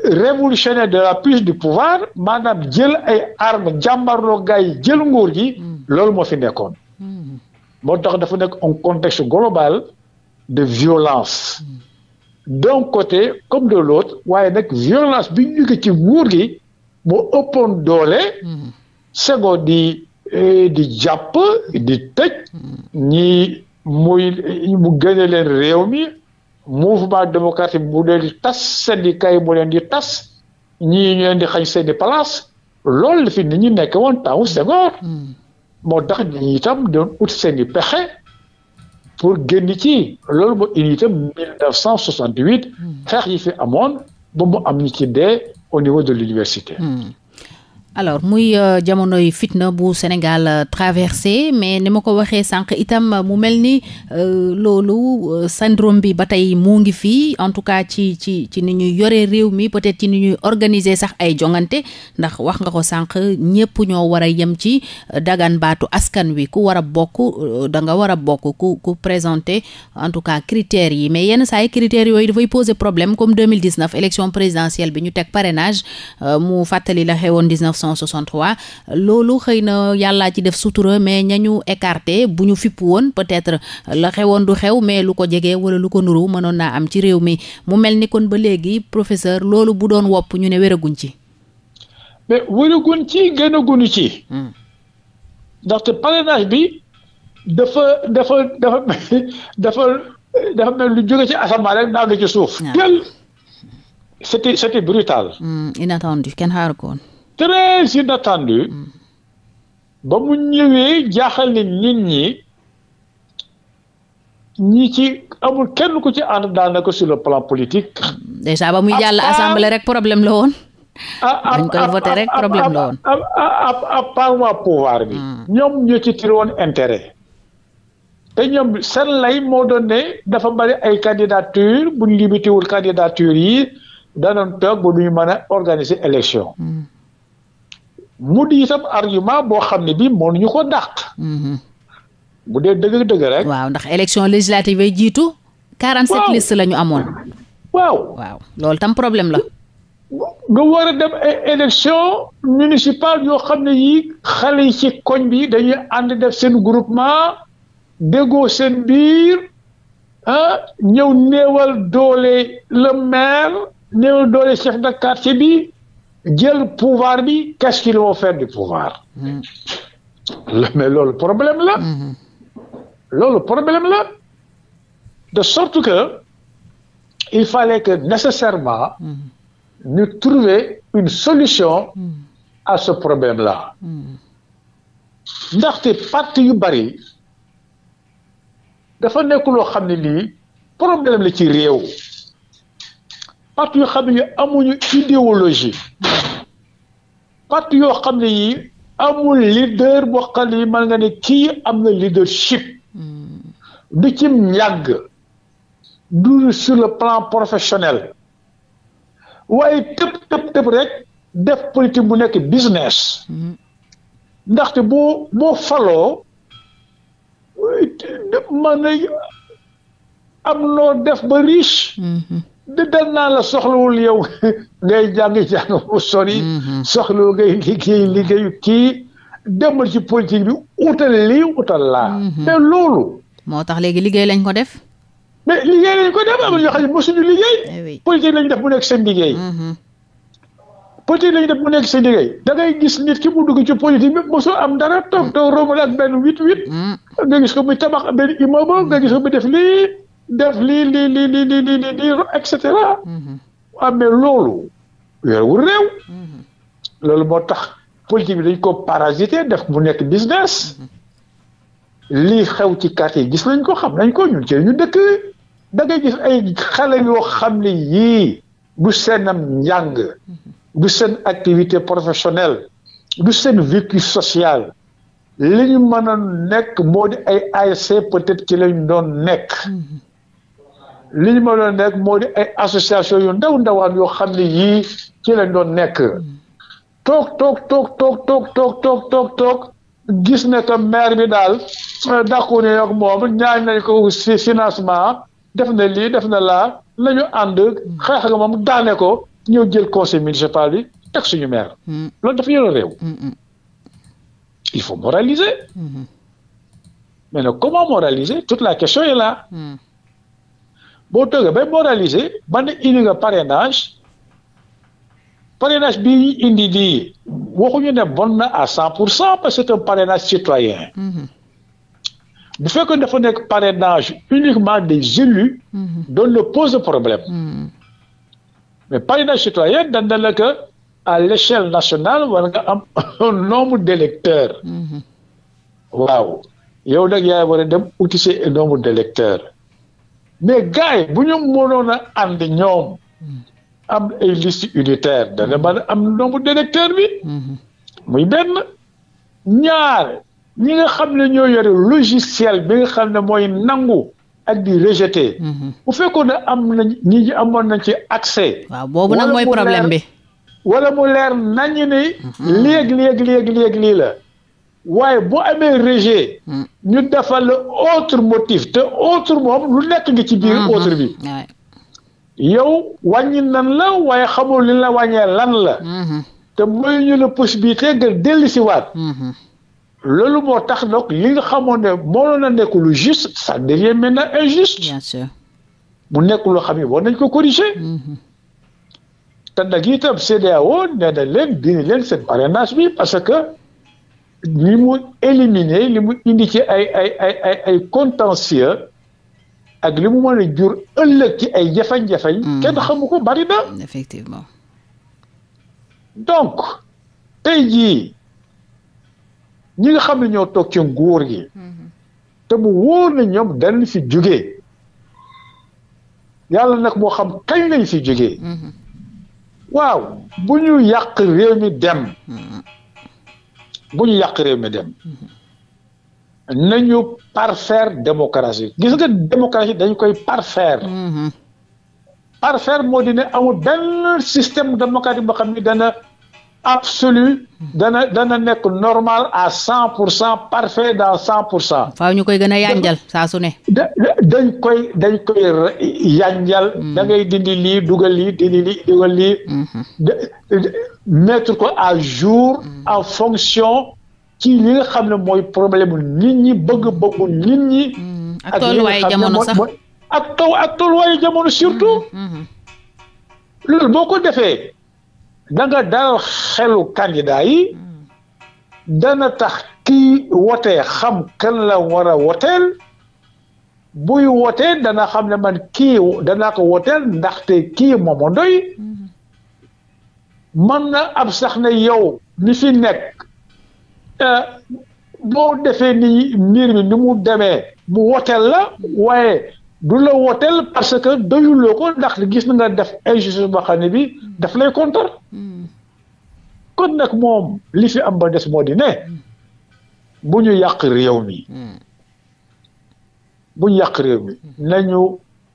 [SPEAKER 2] révolutionnaire de la prise du pouvoir maanaam jël ay armes jàmbarloo gars jël nguur gi hmm. loolu moo fi nekkoon hmm. moo tax dafa nekk un contexte global de violence hmm. d'un côté comme de l'autre waaye nag violence bi ñu jóge ci nguur gi moo ëppoon doole Senghor di eh, di jàpp di tëj ñi muy mu gëne leen réew mi mouvement démocratique bu leen di tas syndicat yi bu leen di tas ñi ñu leen di xañ seeni palace loolu la fi nit ñi nekk woon temps Senghor hmm. moo tax ñi itam doon ut seeni pexe pour génn ci loolu moo indi itam cent soixante huit hmm. xeex yi fi amoon ba mu am ñi ci dee au niveau de l'université hmm.
[SPEAKER 1] alors muy euh, jamonoy fitna bu Sénégal euh, traversé mais ni ma ko waxee sànq itam euh, mu mel ni loolu syndrome bi ba tey mu ngi fii en tout cas ci ci ci ni ñuy yore réew mi peut-être ci ni ñuy organiser sax ay jongante ndax wax nga ko sànq ñépp ñoo war a yem ci dagan baatu askan wi ku war a bokk da nga war a bokk ku ku présenter en tout cas critères yi mais yenn saa yi critères yooyu dafay poser problème comme 2019 élection présidentielle bi ñu teg parrainage mu fàttali la xewoon 1963 loolu xëy na yàllaa ci def sutura mais ñañu écarté bu ñu fipp woon peut-être la xewoon du xew mais lu ko jege wala lu ko nuru mënoon naa am ci réew mi mu mel ni kon ba léegi professeur loolu bu doon wopp ñu ne wéraguñ
[SPEAKER 2] ci mais wéraguñ ci génnaguñu ci hmm. ndaxte parrainage bi dafa dafa dafa dafa dafa mel lu jóge ci asamaan rek naaw na ci suuf. Hmm. jël c'était c'était brutal.
[SPEAKER 3] Hmm,
[SPEAKER 1] inattendu kenn xaaru ko
[SPEAKER 2] très inattendu mm. ba mu ñëwee jaaxal ni nit ñi ñi ci amul kenn ku ci ànd daanaka sur le plan politique. déjà ba muy jàll
[SPEAKER 1] ah, ah, assemblée rek problème la woon.
[SPEAKER 2] Ah, dañ koy voté rek problème la woon. bi. Mm. ñoom ñoo ci tiré woon te ñoom seen lay moo doon ne dafa bari ay candidature bu ñu candidature yi danoon toog ba duñu mën a organiser élection. Mm. mu di itam argument boo xam ne bi moo ñu ko dàq. Mhm. bu dee dëgg dëgg rek. waaw ndax élection législative yi jiitu.
[SPEAKER 1] quarante sept liste la ñu amoon. waaw waaw loolu tam problème la.
[SPEAKER 2] nga war a dem e-, élection municipale yoo xam ne yii xale yi ci koñ bi dañuy ànd def seen groupement déggoo seen biir ah ñëw néewal doole la maire néewal doole chef de quartier bi jël pouvoir bi qu'est-ce qu'ils vont faire du pouvoir hmm. mais loolu problème la hmm. loolu problème la de sorte que il fallait que nécessairement hmm. ñu trouver une solution à ce problème là ndaxte parti yu bari dafa nekk loo xam ne lii problème la ci réew parti yu xam ne amuñu idéologie parti yoo xam ne yii amul leader boo xam ne yi mën nga ne kii am na leadership hmm. du ci yàgg du sur le plan professionnel waaye tëb tëb tëb def politique bu nekk business hmm. ndaxte boo boo faloo man am loo def ba riche. Hmm. di dal naa la soxlawul yow ngay jàngi jàng bu sori. Mm-hmm. soxla ngay liggéey liggéeyu kii ma ci politique bi utal lii utal laa. Mm-hmm. te loolu. moo tax léegi liggéey lañ ko def. mais liggéey lañ ko def am na ñoo xam ne mosuñu liggéey. Eh politique def mu nekk seen liggéey. Mm-hmm. politique lañ def mu nekk seen liggéey. da gis nit ki mu dugg ci politique bi mosul am dara toog toog romb ak benn huit huit. Mm. nga gis ko muy tabax benn immeuble nga gis ko muy def lii def lii lii lii lii lii lii amee loolu yorewul réew mhm. loolu moo tax politique bi dañ ko parasité def mu nekk business mhm. lii xew ci quartier gis nañ ko xam nañ ko ñun ñu dëkk da gis ay xale yoo xam ne yii du seenam njàng mhm. du seen activité professionnelle du seen vécu social li ñu mën a nekk moo di ay ASC peut-être ci lañ doon nekk li ñu mënoon nekk moo di ay association yu ndaw ndawaan yoo xam ne yii ci lañ doon nekk toog toog toog toog toog toog toog toog gis ne que maire bi daal euh, dàqu ne ak moom ñaañ nañ ko financement def na lii def na laa la ñu ànd xeex nga moom daane ko ñëw jël conseil municipal bi teg suñu maire mm-hmm. loolu dafa yore réew mm-hmm. il faut moraliser mm-hmm. mais nag comment moraliser toute la question est là boo toogee bay moraliser man na indi nga parrainage bi ñu indi lii waxuñu ne bon na à cent pour cent parce que c'est un parrainage citoyen mhm. bu fekkee dafa nekk parrainage uniquement des élus mhm. doon le pose problème mmh. mais parrainage citoyen dañ ne la que à l'échelle nationale war nga am un nombre d'électeurs mmh. waaw yow nag yaay war a dem uti nombre d'électeurs mais gars yi bu ñu mënoon a ànd ñoom hmm. am ay liste unitaire dana hmm. mën a am nombre d'électeur bi hmm. muy benn ñaar ñi nga xam ne ñoo yore logiciel bi nga xam ne mooy nangu ak di rejeté bu fekkoon ne am nañ ñi ñi amoon nañ ci accès waaw boobu nag mooy problème bi wala mu leer nañ ni léeg léeg la waaye boo amee rejet. Mm. ñu defal la autre motif te autre moom lu nekk nga ci bi mm-hmm. autre bi. yow wàññi nan la waaye xamul li la wàññee lan la. Mm-hmm. te mooy ñu la possibilité nga dellu si waat. Mm-hmm. loolu moo tax donc li nga xamoon ne moo na nekk lu juste ça devient maintenant injuste. bien mu nekk loo xam ne war nañ ko corriger. te nag itam CEDEAO nee na leen dina leen seen parrainage bi parce que. li mu éliminer li mu indi ci ay ay ay ay ak li mu mën a jur ëllëg ci ay jafeñ jafeñ hmm. kenn xamu ko bari na effectivement donc tey jii ñi nga xam ne ñoo toog ci nguur gi hmm. te mu wóor na ñoom dañ fi jógee yàlla nag moo xam kañ lañ fi jógee hmm. waaw bu ñu yàq réew mi dem bu ñu yàq réew mi dem nañu parfaire démocratie gis nga démocratie dañ koy parfaire mhm. parfaire moo di ne amul benn système démocratique boo xam ni dana absolu dana dana nekk normal à cent pour cent parfait dans cent pour cent.
[SPEAKER 1] faaw ñu koy gën a yanjal saa ne.
[SPEAKER 2] dañ koy dañ koy yanjal. Mm. da ngay dindi lii dugal lii dindi lii dugal lii. Mm-hmm. mettre ko à jour. Mm. en fonction ci li nga xam ne mooy problème nit ñi bëgg-bëggu nit ñi. Mm. ak tolluwaayu jamono sax ak taw ak tolluwaayu jamono surtout. Mm-hmm. Mm-hmm. loolu boo ko defee. danga dal xelu candidat yi dana tax kii wote xam kan la war a woteel buy wotee dana xam ne man kii danaa ko woteel ndaxte kii mooma doy mën na ab sax ne yow mi fi nekk eh, boo defee ni mbir mi ni mu demee mu woteel la waaye du la wooteel parce que doyuloo ko ndax gis na nga def injustice boo xam ne bi daf lay contre kon nag moom li fi am ba des moo di ne bu ñu yàq réew mi bu ñu nañu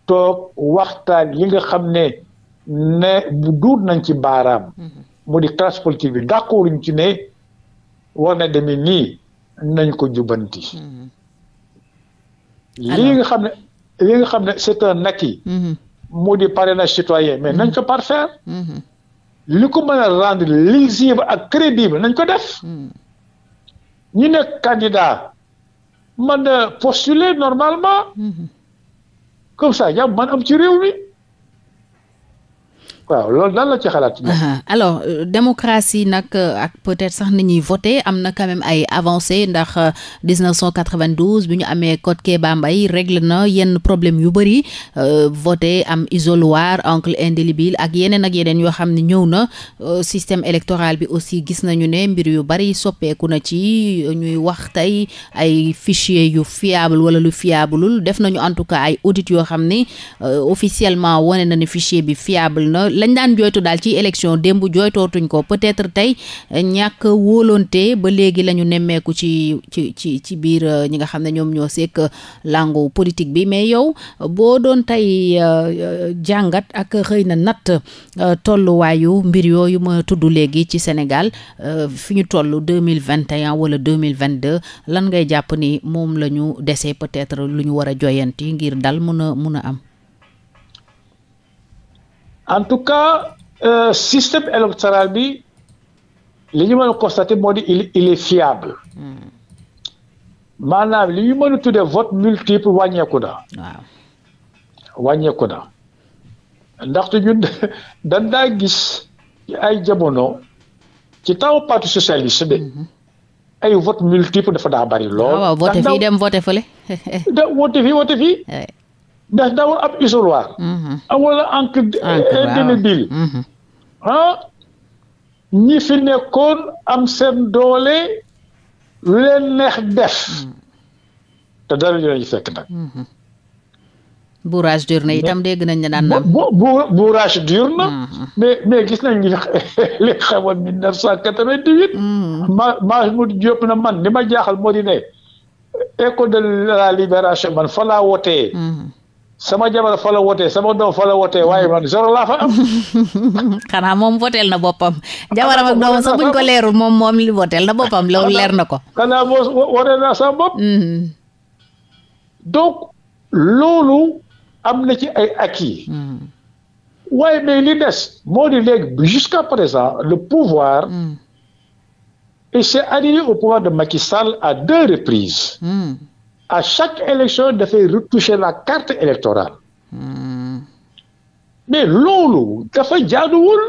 [SPEAKER 2] toog waxtaan yi nga xam ne ne bu duut nañ ci baaraam mu di classe politique bi d'accord ñu ci ne war na demee nii nañ ko jubanti mm-hmm. lii nga xam ne li nga xam ne c'est un acquis. moo mm-hmm. di parrainage citoyen mais nañ ko mm-hmm. parfaire. Mm-hmm. li ko mën a rendre lisible ak crédible nañ ko def. ñu nekk candidat mën a postuler normalement. comme ça yàlla mën am ci réew mi. waaw loolu lan la ci xalaat. alors euh,
[SPEAKER 1] démocratie nag euh, ak peut-être sax ni ñuy voté am na quand ay avancé ndax 1992 euh, bi ñu amee code Kéba Mbaye réglé na yenn problème yu bëri euh, voté am isoloir encre indélébile ak yeneen ak yeneen yoo xam ne ñëw na euh, système électoral bi aussi gis nañu ne mbir yu bëri soppeeku na ci ñuy wax tey ay fichier yu fiable wala lu fiableul def nañu en tout cas ay audit yoo xam ni officiellement wane na ne fichier bi fiable na. lañ daan jooytu daal ci élection démb jooytootuñ ko peut-être tey eh, ñàkk wóolonte ba léegi la ñu nemmeeku ci ci ci ci biir eh, ñi nga xam ne ñoom ñoo sekk eh, làngu politique bi mais yow boo doon tey jàngat ak xëy na natt tolluwaayu mbir yooyu ma tudd léegi ci Sénégal fi ñu toll deux mille vingt wala deux mille vingt deux lan ngay jàpp ni moom la ñu dese peut-être lu ñu war a joyanti ngir dal mun a mun a am.
[SPEAKER 2] en tout cas euh, système électoral bi li ñu mën a constater moo di il est fiable maanaam li ñu mën tuddee vote multiple wàññeeku na. waaw wàññeeku na ndaxte ñun dañ gis ci ay jamono ci taw parti socialiste de. Mhm. ay vote multiple dafa daa bari lool. Ah, waaw vote fii
[SPEAKER 1] dem vote fële.
[SPEAKER 2] da vote fii vote fii. def d'abord ab isoloir. wala mhm. encre indélébile. Mhm. ah ñi fi nekkoon am seen doole lu leen neex def. Mhm. te dara ñu leen fekk nag.
[SPEAKER 1] bourrage d'urne itam dégg nañ ne daan na.
[SPEAKER 2] bourrage d'urne. mais mais gis nañ li li xewoon mille neuf cent quatre-vingt-huit. ma Mahmoud na man li ma jaaxal moo di école de la libération man fa laa sama jabar fa la wootee sama doom fa la wootee waaye man zéro laa fa am.
[SPEAKER 1] xanaa moom voteel na boppam. jabaram ak sax buñ ko leerul moom moom li voteel na boppam loolu leer na ko.
[SPEAKER 2] xanaa moo wootee na sama bopp. Mhm. donc loolu am na ci ay acquis. Mhm. waaye mais li des. moo di léegi jusqu'à présent le pouvoir. il mhm. s'est arrivé au pouvoir de Macky Sall à deux reprises. à chaque élection dafay retoucher la carte électorale hmm. mais loolu dafa jaaduwul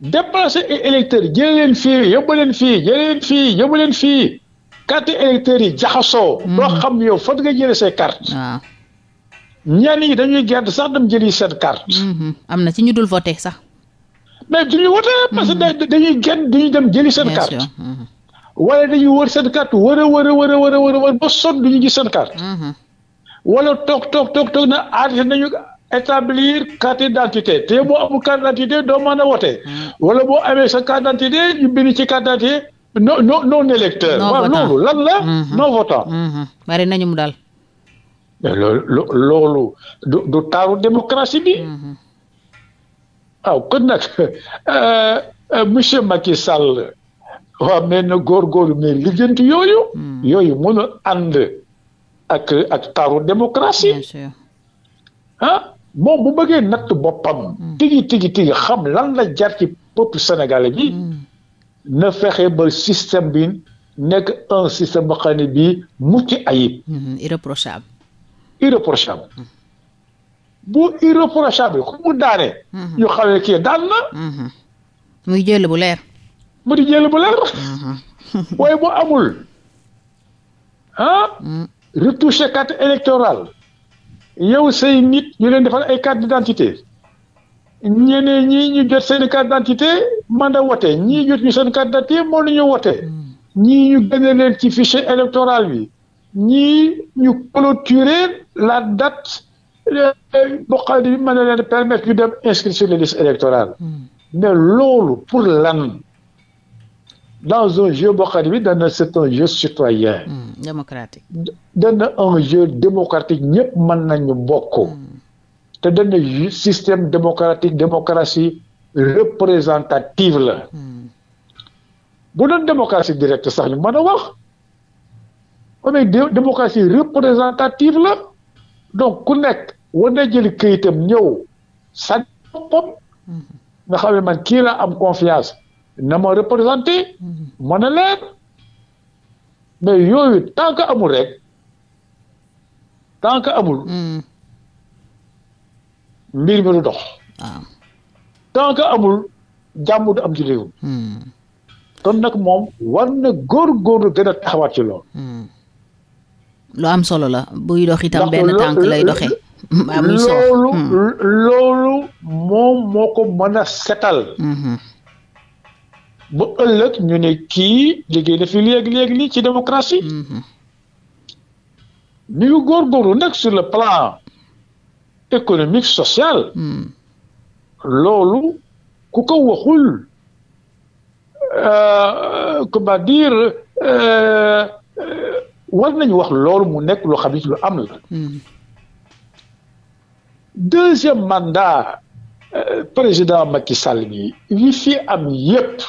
[SPEAKER 2] déplacer ay électeurs jëlee leen fii yóbbu fii jëlee leen fii yóbbu leen fii carte électeurs yi jaxasoo. doo hmm. xam yow fan nga jëlee say carte ah. ñenn ñi dañuy gerte sax dem jëli seen carte. Hmm. am na ci ñu dul voté sax. mais du ñu voté parce que dañuy gerte du ñu dem jëli seen carte. wala dañuy wër seen carte wër a wër a wër a wër a wër ba sonn du ñu gis seen carte. Mm-hmm. wala toog toog toog toog na arrêté nañu établir carte d'identité te boo amul carte d'identité doo mën a wote. Mm-hmm. wala boo amee sa carte d'identité ñu bind ci carte d'identité non non non électeur. non waaw loolu lan la. Mm-hmm. non votant. bari nañu mu daal. loolu loolu du taaru démocratie bi. waaw ah, kon nag euh, euh, monsieur Macky waaw mais na góorgóorlu mais lijjanti yooyu. Hmm. yooyu mën a ànd ak ak taru démocratie. ah bu bëggee natt boppam. Hmm. tigi tigi tigi xam lan la jar ci peuple sénégalais bi. Hmm. na fexe ba système bi nekk un système ba xam ne bii mucc ayib. irréprochable. irréprochable. bu irréprochable ku mu daane. ñu xamee kii daan na. muy jël bu leer. mu di jël bu leer mhm. waaye bu amul ah mm. retouché carte électorale yow say nit ñu leen defal ay carte d'identité ñeneen ñii ñu jot seen carte d'identité mën a wote ñii jot ñu seen carte d'identité mën nañu wote ñii ñu génne mm. leen ci fichier électoral bi ñi ñu clôturer la dat euh, boo di ne mën na leen permettre ñu dem inscrire sur les listes mm. mais loolu pour lan dans un jeu boo xam ne bi dana c'est un hmm,
[SPEAKER 1] démocratique.
[SPEAKER 2] dana un jeu démocratique ñëpp mën nañu bokk. Hmm. te dana système démocratique démocratie représentative la. Hmm. bu doon démocratie directe sax ñu mën a wax. mais démocratie représentative la. donc ku nekk war na jël këyitam ñëw sa boppam. nga xam man kii la am confiance. na ma représenté ma ne leen mais yooyu tant que amul rek tant que amul mbir mi du dox tant que amul jàmm du am ci réew kon nag moom war na góorgóorlu gën a taxawaat ci loolu
[SPEAKER 1] lu am solo la buy dox lay doxe
[SPEAKER 2] loolu loolu moom moo ko mën a setal ba ëllëg ñu ne kii liggéey na fi léegi léegi lii ci démocratie mm-hmm. ñu ngi góorgóorlu nag sur le plan économique social mm-hmm. loolu ku ko waxul euh, comment dire euh, war nañu wax loolu mu nekk loo xam ne lu am la mm-hmm. deuxième mandat euh, président Macky Sall bi li fi am yépp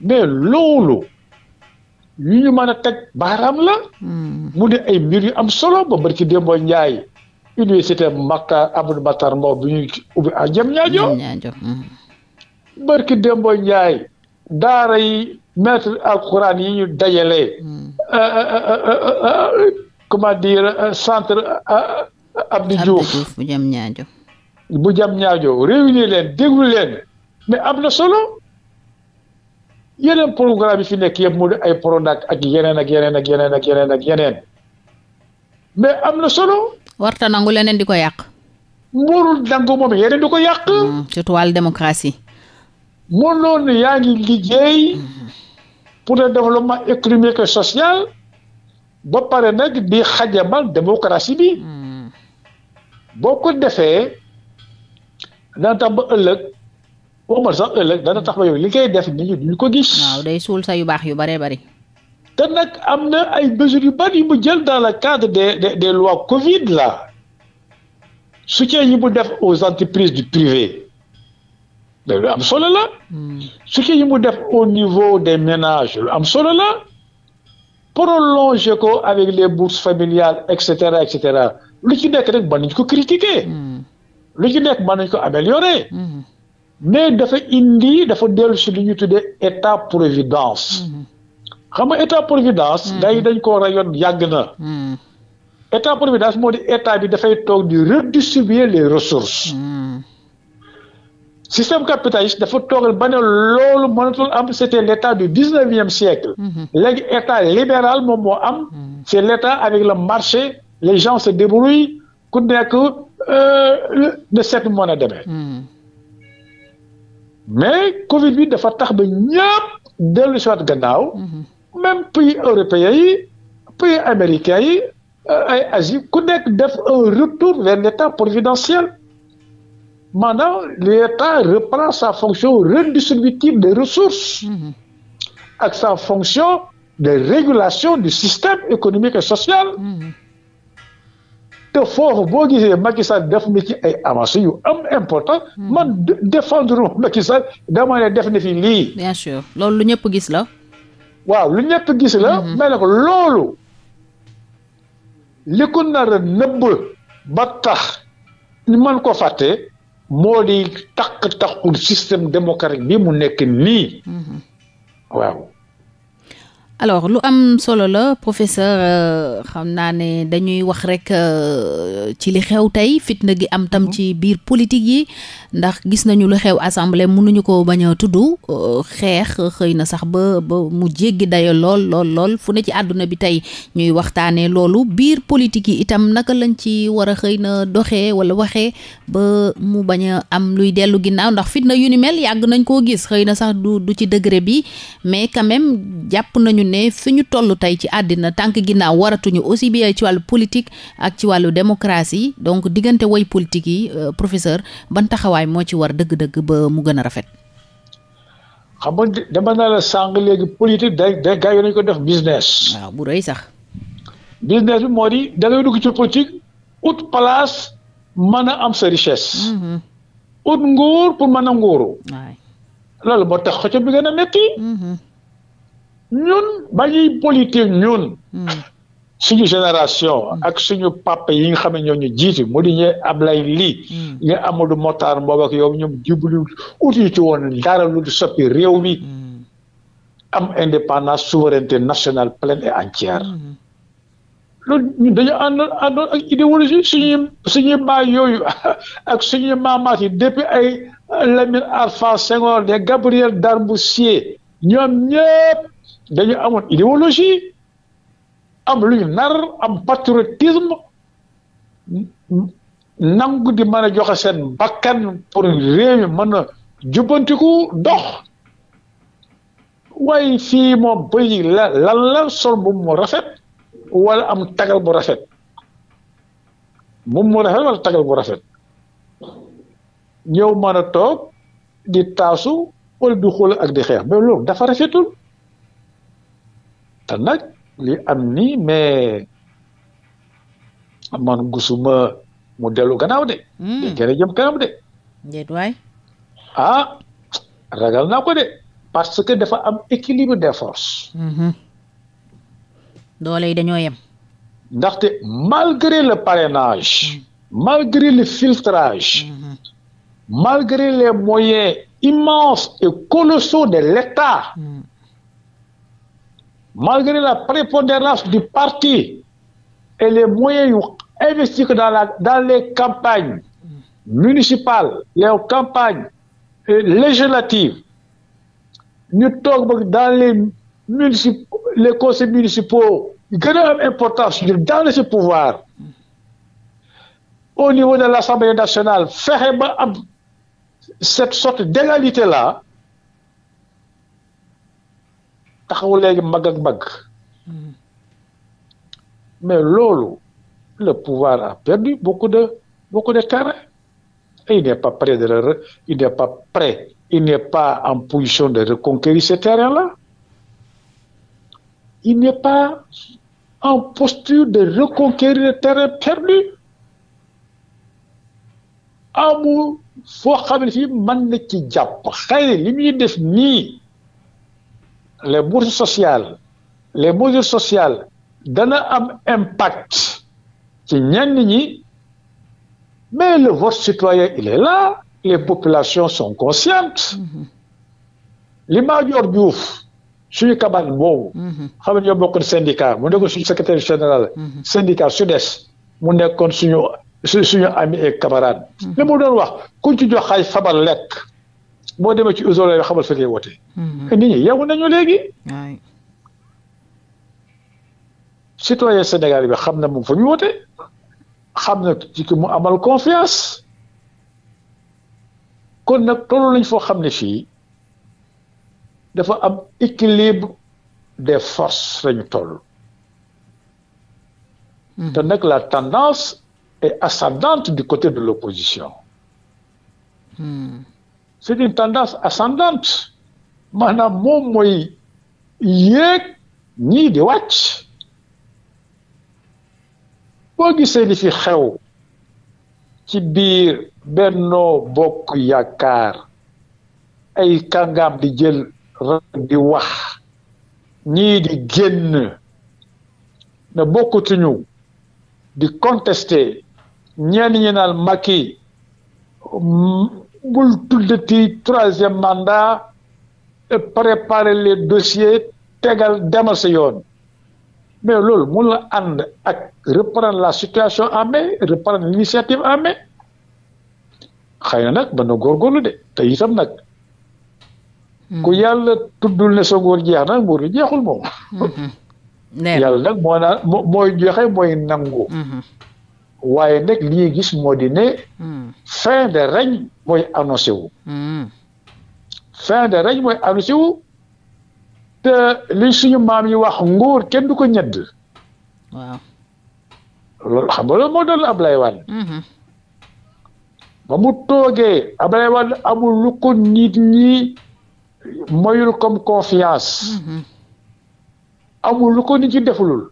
[SPEAKER 2] mais loolu yu ñu mën a teg baaraam la. Hmm. mu dee ay mbir yu am solo ba bër ci Demba njaay université Makka Amadou Makhtar Mbow bi ñuy ubbi à Diamniadio. Hmm. barki Demba Ndiaye daara yi maître alquran yi ñu dajalee. Hmm. Euh, euh, euh, comment dire centre Abdou Diouf bu jam ñaajo réunir leen déglu leen mais am na solo yeneen programme yi fi nekk yëpp mu di ay Prodac ak yeneen ak yeneen ak yeneen ak yeneen ak yeneen mais am na
[SPEAKER 1] solo. warta nangu leneen di ko yàq. mboolul dangu moom yeneen di ko yàq. Mm, surtout
[SPEAKER 2] wàllu démocratie. mënoon yaa ngi liggéey pour le développement économique social ba pare nag di xajamal démocratie bi mm. boo ko defee daan tax ba ëllëg. waxuma sax ëllëg dana tax ma yooyu li koy def nit ñu ko gis. waaw day suul sa yu baax yu bare bëri. te nag am na ay mesures yu bari mu jël dans la cadre des des des lois Covid là soutien yi mu def aux entreprises du privé lu solo la. Hmm. soutien yi mu def au niveau des ménages lu am solo la. prolonger ko avec les bourses familiales et cetera et lu ci nekk rek mën nañu ko critiquer. Hmm. lu ci nekk mën nañu ko améliorer. Hmm. mais dafa indi dafa dellu si lu ñu tuddee état providence mm-hmm. xam nga état providence. Mm-hmm. gars yi dañ koo rayoon yàgg na. Mm-hmm. état providence moo de état bi dafay toog di redistribuer les ressources. système capitaliste dafa toogal ba ne loolu mënatul am c' était l' état du dix neuvième siècle. léegi état libéral moom moo am. c' est avec le marché les gens se débrouillent ku nekk ne euh, seet mën a demee. mais Covid bi dafa tax ba ñëpp dellu si waat gannaaw. Mhm. même pays européens yi pays américains yi euh, ay Asie ku nekk def un retour vers l'état providentiel maanaam l'état reprend sa fonction redistributive des ressources. Mhm. ak sa fonction de régulation du système économique et social. Mhm. te foofu boo gisee Macky Sall def na ci ay avancées yu am important. Hmm. man défendre Macky Sall dama ne def na fi lii. bien loolu lu ñëpp gis la. waaw lu ñëpp gis la. Hmm. mais ko loolu li ko nar a nëbb ba tax ñu mën ko fàtte moo di takk takkul système démocratique bi mu nekk nii. Hmm. waaw
[SPEAKER 1] alors lu am solo la professeur euh, xam naa ne dañuy wax rek euh, ci li xew tey fitna gi am tam mhm. ci biir politique yi ndax gis nañu lu xew assemblée mënuñu ko bañ a tudd euh, xeex xëy na sax ba ba mu jéggi dayo lool lool lool fu ne ci àdduna bi tey ñuy waxtaanee loolu biir politique yi itam naka lañ ci war a xëy na doxe wala waxee ba mu bañ a am luy dellu ginnaaw ndax fitna yu ni mel yàgg nañ koo gis xëy na sax du du ci degré bi mais quand jàpp nañu ne fi ñu toll tey ci àddina tànk ginnaaw waratuñu aussi bien ci wàllu politique ak ci wàllu démocratie donc diggante woy politique yi euh, professeur ban taxawaay moo ci war dëgg-dëgg ba mu gën a rafet.
[SPEAKER 2] xam nga dama na la sàng léegi politique day day gars yi nañu ko def business. waaw bu rëy sax. business bi moo di da dugg ci politique ut place mën a am sa richesse. Mhm. ut nguur pour mën a nguuru. loolu moo tax xëccoo bi gën a métti. Mhm. ñun baa ñuy politique ñun hmm. suñu génération hmm. ak suñu papa yi nga xam ñoo ñu jiitu mu di ñu Ablaye Ly hmm. ñu Amadou Mokhtar Mbow ak yow ñoom jublu uti ci woon dara lu di soppi réew mi am indépendance souveraineté nationale pleine et entière loolu ñun dañu àndoon àndoon ak idéologie suñuy yooyu ak suñuy maamaat yi depuis ay Lamine Arfan Senghor de Gabriel Darboussier ñoom ñëpp dañu amoon idéologie am lu ñu nar am patriotisme nangu di mën a joxe seen bakkan pour réew mi mën a jubbantiku dox waaye fii moom bëy la la sol bu moo rafet wala am tagal bu rafet moom moo rafet wala tagal bu rafet ñëw mën toog di taasu wala di xool ak di xeex mais loolu dafa rafetul te nag li am nii mais man gusuma mu dellu gannaaw de. di gën a jëm de. déet waay. ah ragal naa ko de parce que dafa am équilibre des forces. Hmm.
[SPEAKER 1] doole yi dañoo yem.
[SPEAKER 2] ndaxte malgré le parrainage. Hmm. malgré le filtrage. Hmm. malgré les moyens immenses et colossaux de l'État. malgré la prépondérance du parti et les moyens yu investis que dans la dans les campagnes municipales les campagnes euh, législatives ñu toog ba dans les municip les conseils municipaux gën a am importance ñu dans ce pouvoir au niveau de l'Assemblée nationale fexe ba am cette sorte d'égalité là taxaw léegi mbagg ak hmm. mais loolu le pouvoir a perdu beaucoup de de terrain et il n'est pas prêt de le, il n'est pas prêt il n'est pas en position de reconquérir ce terrain-là il n'est pas en posture de reconquérir le terrain perdu amul foo xam ne fii mën na ci jàpp xëy les bourses sociales les mesures sociales dana am impact ci ñenn ñi mais le vote citoyen il est là les populations sont conscientes mm-hmm. li Major Diouf suñu kabaan boobu mm-hmm. xam ne ñoo bokkoon syndicat mu nekkoon suñu secrétaire général mm-hmm. syndicat SUDES mu nekkoon suñu suñu ami et camarade li mu doon wax kuñ ci jox xaaj fabal lekk boo demee ci isolé la xamal fi ngay wootee. Mm-hmm. nit ñi yeewu nañu léegi. citoyen Sénégal bi xam na moom fa ñu woote xam na ci ki mu amal confiance kon nag tollu lañ foo xam ne fii dafa am équilibre des forces lañu toll. Mm-hmm. te nag la tendance est ascendante du côté de l'opposition. Mm. c'est une tendance ascendante maanaam moom mooy yéeg ñii di wàcc boo gisee li fi xew ci biir Benno Bokk Yaakaar ay kàngaam di jël di wax ñii di génn ne bokkutuñu di contester ñenn ñi naan Macky bul tuddati troisième mandat préparer le dossiers tegal demal sa yoon mais loolu mun la ànd ak reprendre la situation en main reprendre l'initiative en main na nag mën na góorgóorlu de te itam nag hmm. ku yàlla tuddul ne sa nguur jeex na nguur gi jeexul moom hmm. Hmm. yàlla nag mooy joxe mooy nangu waaye nag li ñuy gis moo di ne hmm. fin de règne mooy annoncé wu hmm. fin de règne mooy annoncé te li suñu maam yi wax nguur kenn du ko ñedd loolu xam nga loolu moo doon Ablaye Wade hmm. ba mu toogee Ablaye Wade amul lu ko nit ñi moyul comme confiance amul lu ko nit ñi defulul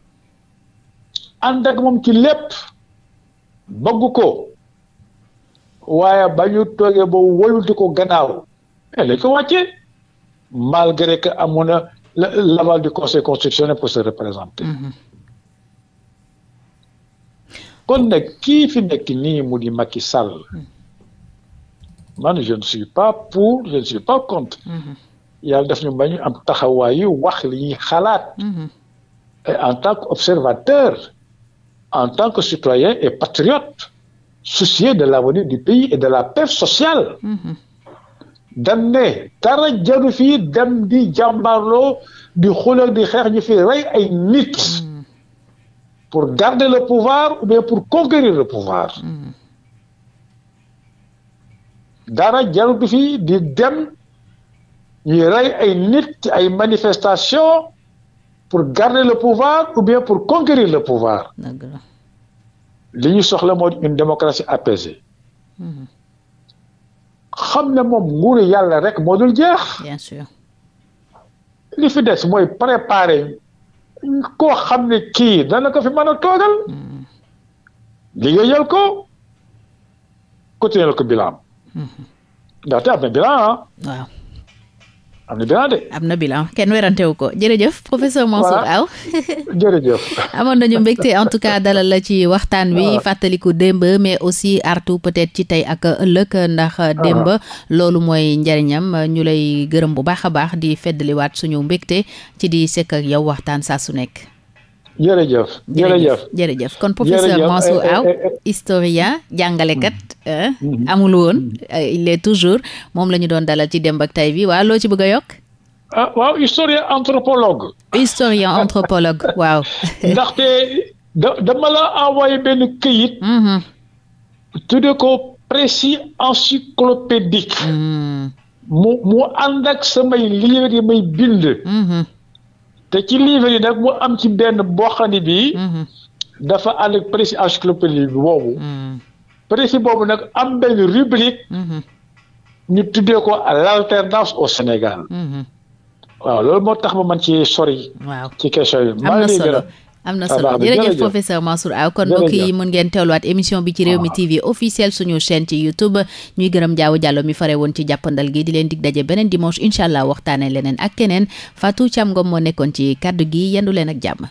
[SPEAKER 2] ànd ak moom ci lépp bëgg ko waaye ba ñu toogee ba wëluti ko gannaaw mais lañ ko wàccee malgré que amoon na l'aval du conseil constitutionnel pour se représenter. Mm-hmm. kon nag kii fi nekk nii mu di Macky Sall mm-hmm. man je ne suis pas pour je ne suis pas contre. Mm-hmm. yàlla def ñu bañ am taxawaayu wax li xalaat. en tant qu'observateur. en tant que citoyen et patriote, soucieux de l'avenir du pays et de la paix sociale. Mm-hmm. damne dara jaru fii dem di jàmbarloo di xulal di xeex ñu ay nit. Mm-hmm. pour garder le pouvoir ou bien pour conquérir le pouvoir. Mm-hmm. dara jaru fii di dem ñuy rey ay nit ci ay manifestations. pour garder le pouvoir ou bien pour conquérir le pouvoir li ñu soxla mooy une démocratie apaisée mhm. xam ne moom nguuru yàlla rek moo dul jeex bien li fi des mooy préparer koo xam ne kii dana ko fi mën a toogal mhm. liggéeyal ko continuer ko bilan mhm. ndaxte am na bilan ah waaw am na bilan am na bilan
[SPEAKER 1] kenn werantewu ko jërëjëf professeur Mansour Aw. jërëjëf. amoon nañu mbégte en tout cas dalal la ci waxtaan wi fàttaliku démb mais aussi artu peut-être ci tey ak ëllëg ndax démb loolu mooy njariñam ñu lay gërëm bu baax a baax di feddaliwaat suñu mbégte ci di sekk ak yow waxtaan saa su nekk.
[SPEAKER 2] jërëjëf jërëjëf
[SPEAKER 1] jërëjëf kon professeur eh, Mansour eh, Aw eh, historien jàngalekat mm-hmm. Mm-hmm. amul woon il est toujours moom la ñu doon dalal ci dem ak Tay bi waaw loo ci bëgg a yokk
[SPEAKER 2] ah, waaw historien anthropologue historien anthropologue waaw ndaxte da dama la envoyé benn këyit mm-hmm. tudde ko précis encyclopédique mm. mu mu ak samay livre yi may bind te ci livre yi nag mu am ci benn boo xam bii mhm. dafa ànd ak précis encyclopédie bi boobu mhm. précis boobu nag am benn rubrique mhm. ñu tuddee ko l'alternance au Sénégal waaw loolu moo tax ma man ci sori ci question yi maa ngi am na ah, solo jërëjëf professeur
[SPEAKER 1] Mansour Aw kon mbokk yi mun ngeen teewluwaat émission bi ci réew mi TV officiel suñu chaîne ci YouTube ñuy gërëm Diaw Diallo mi fare woon ci jàppandal gi di leen dig daje beneen dimanche incha allah waxtaanee leneen ak keneen Fatou Thiam Ngom moo nekkoon ci kaddu gi yendu leen ak jàmm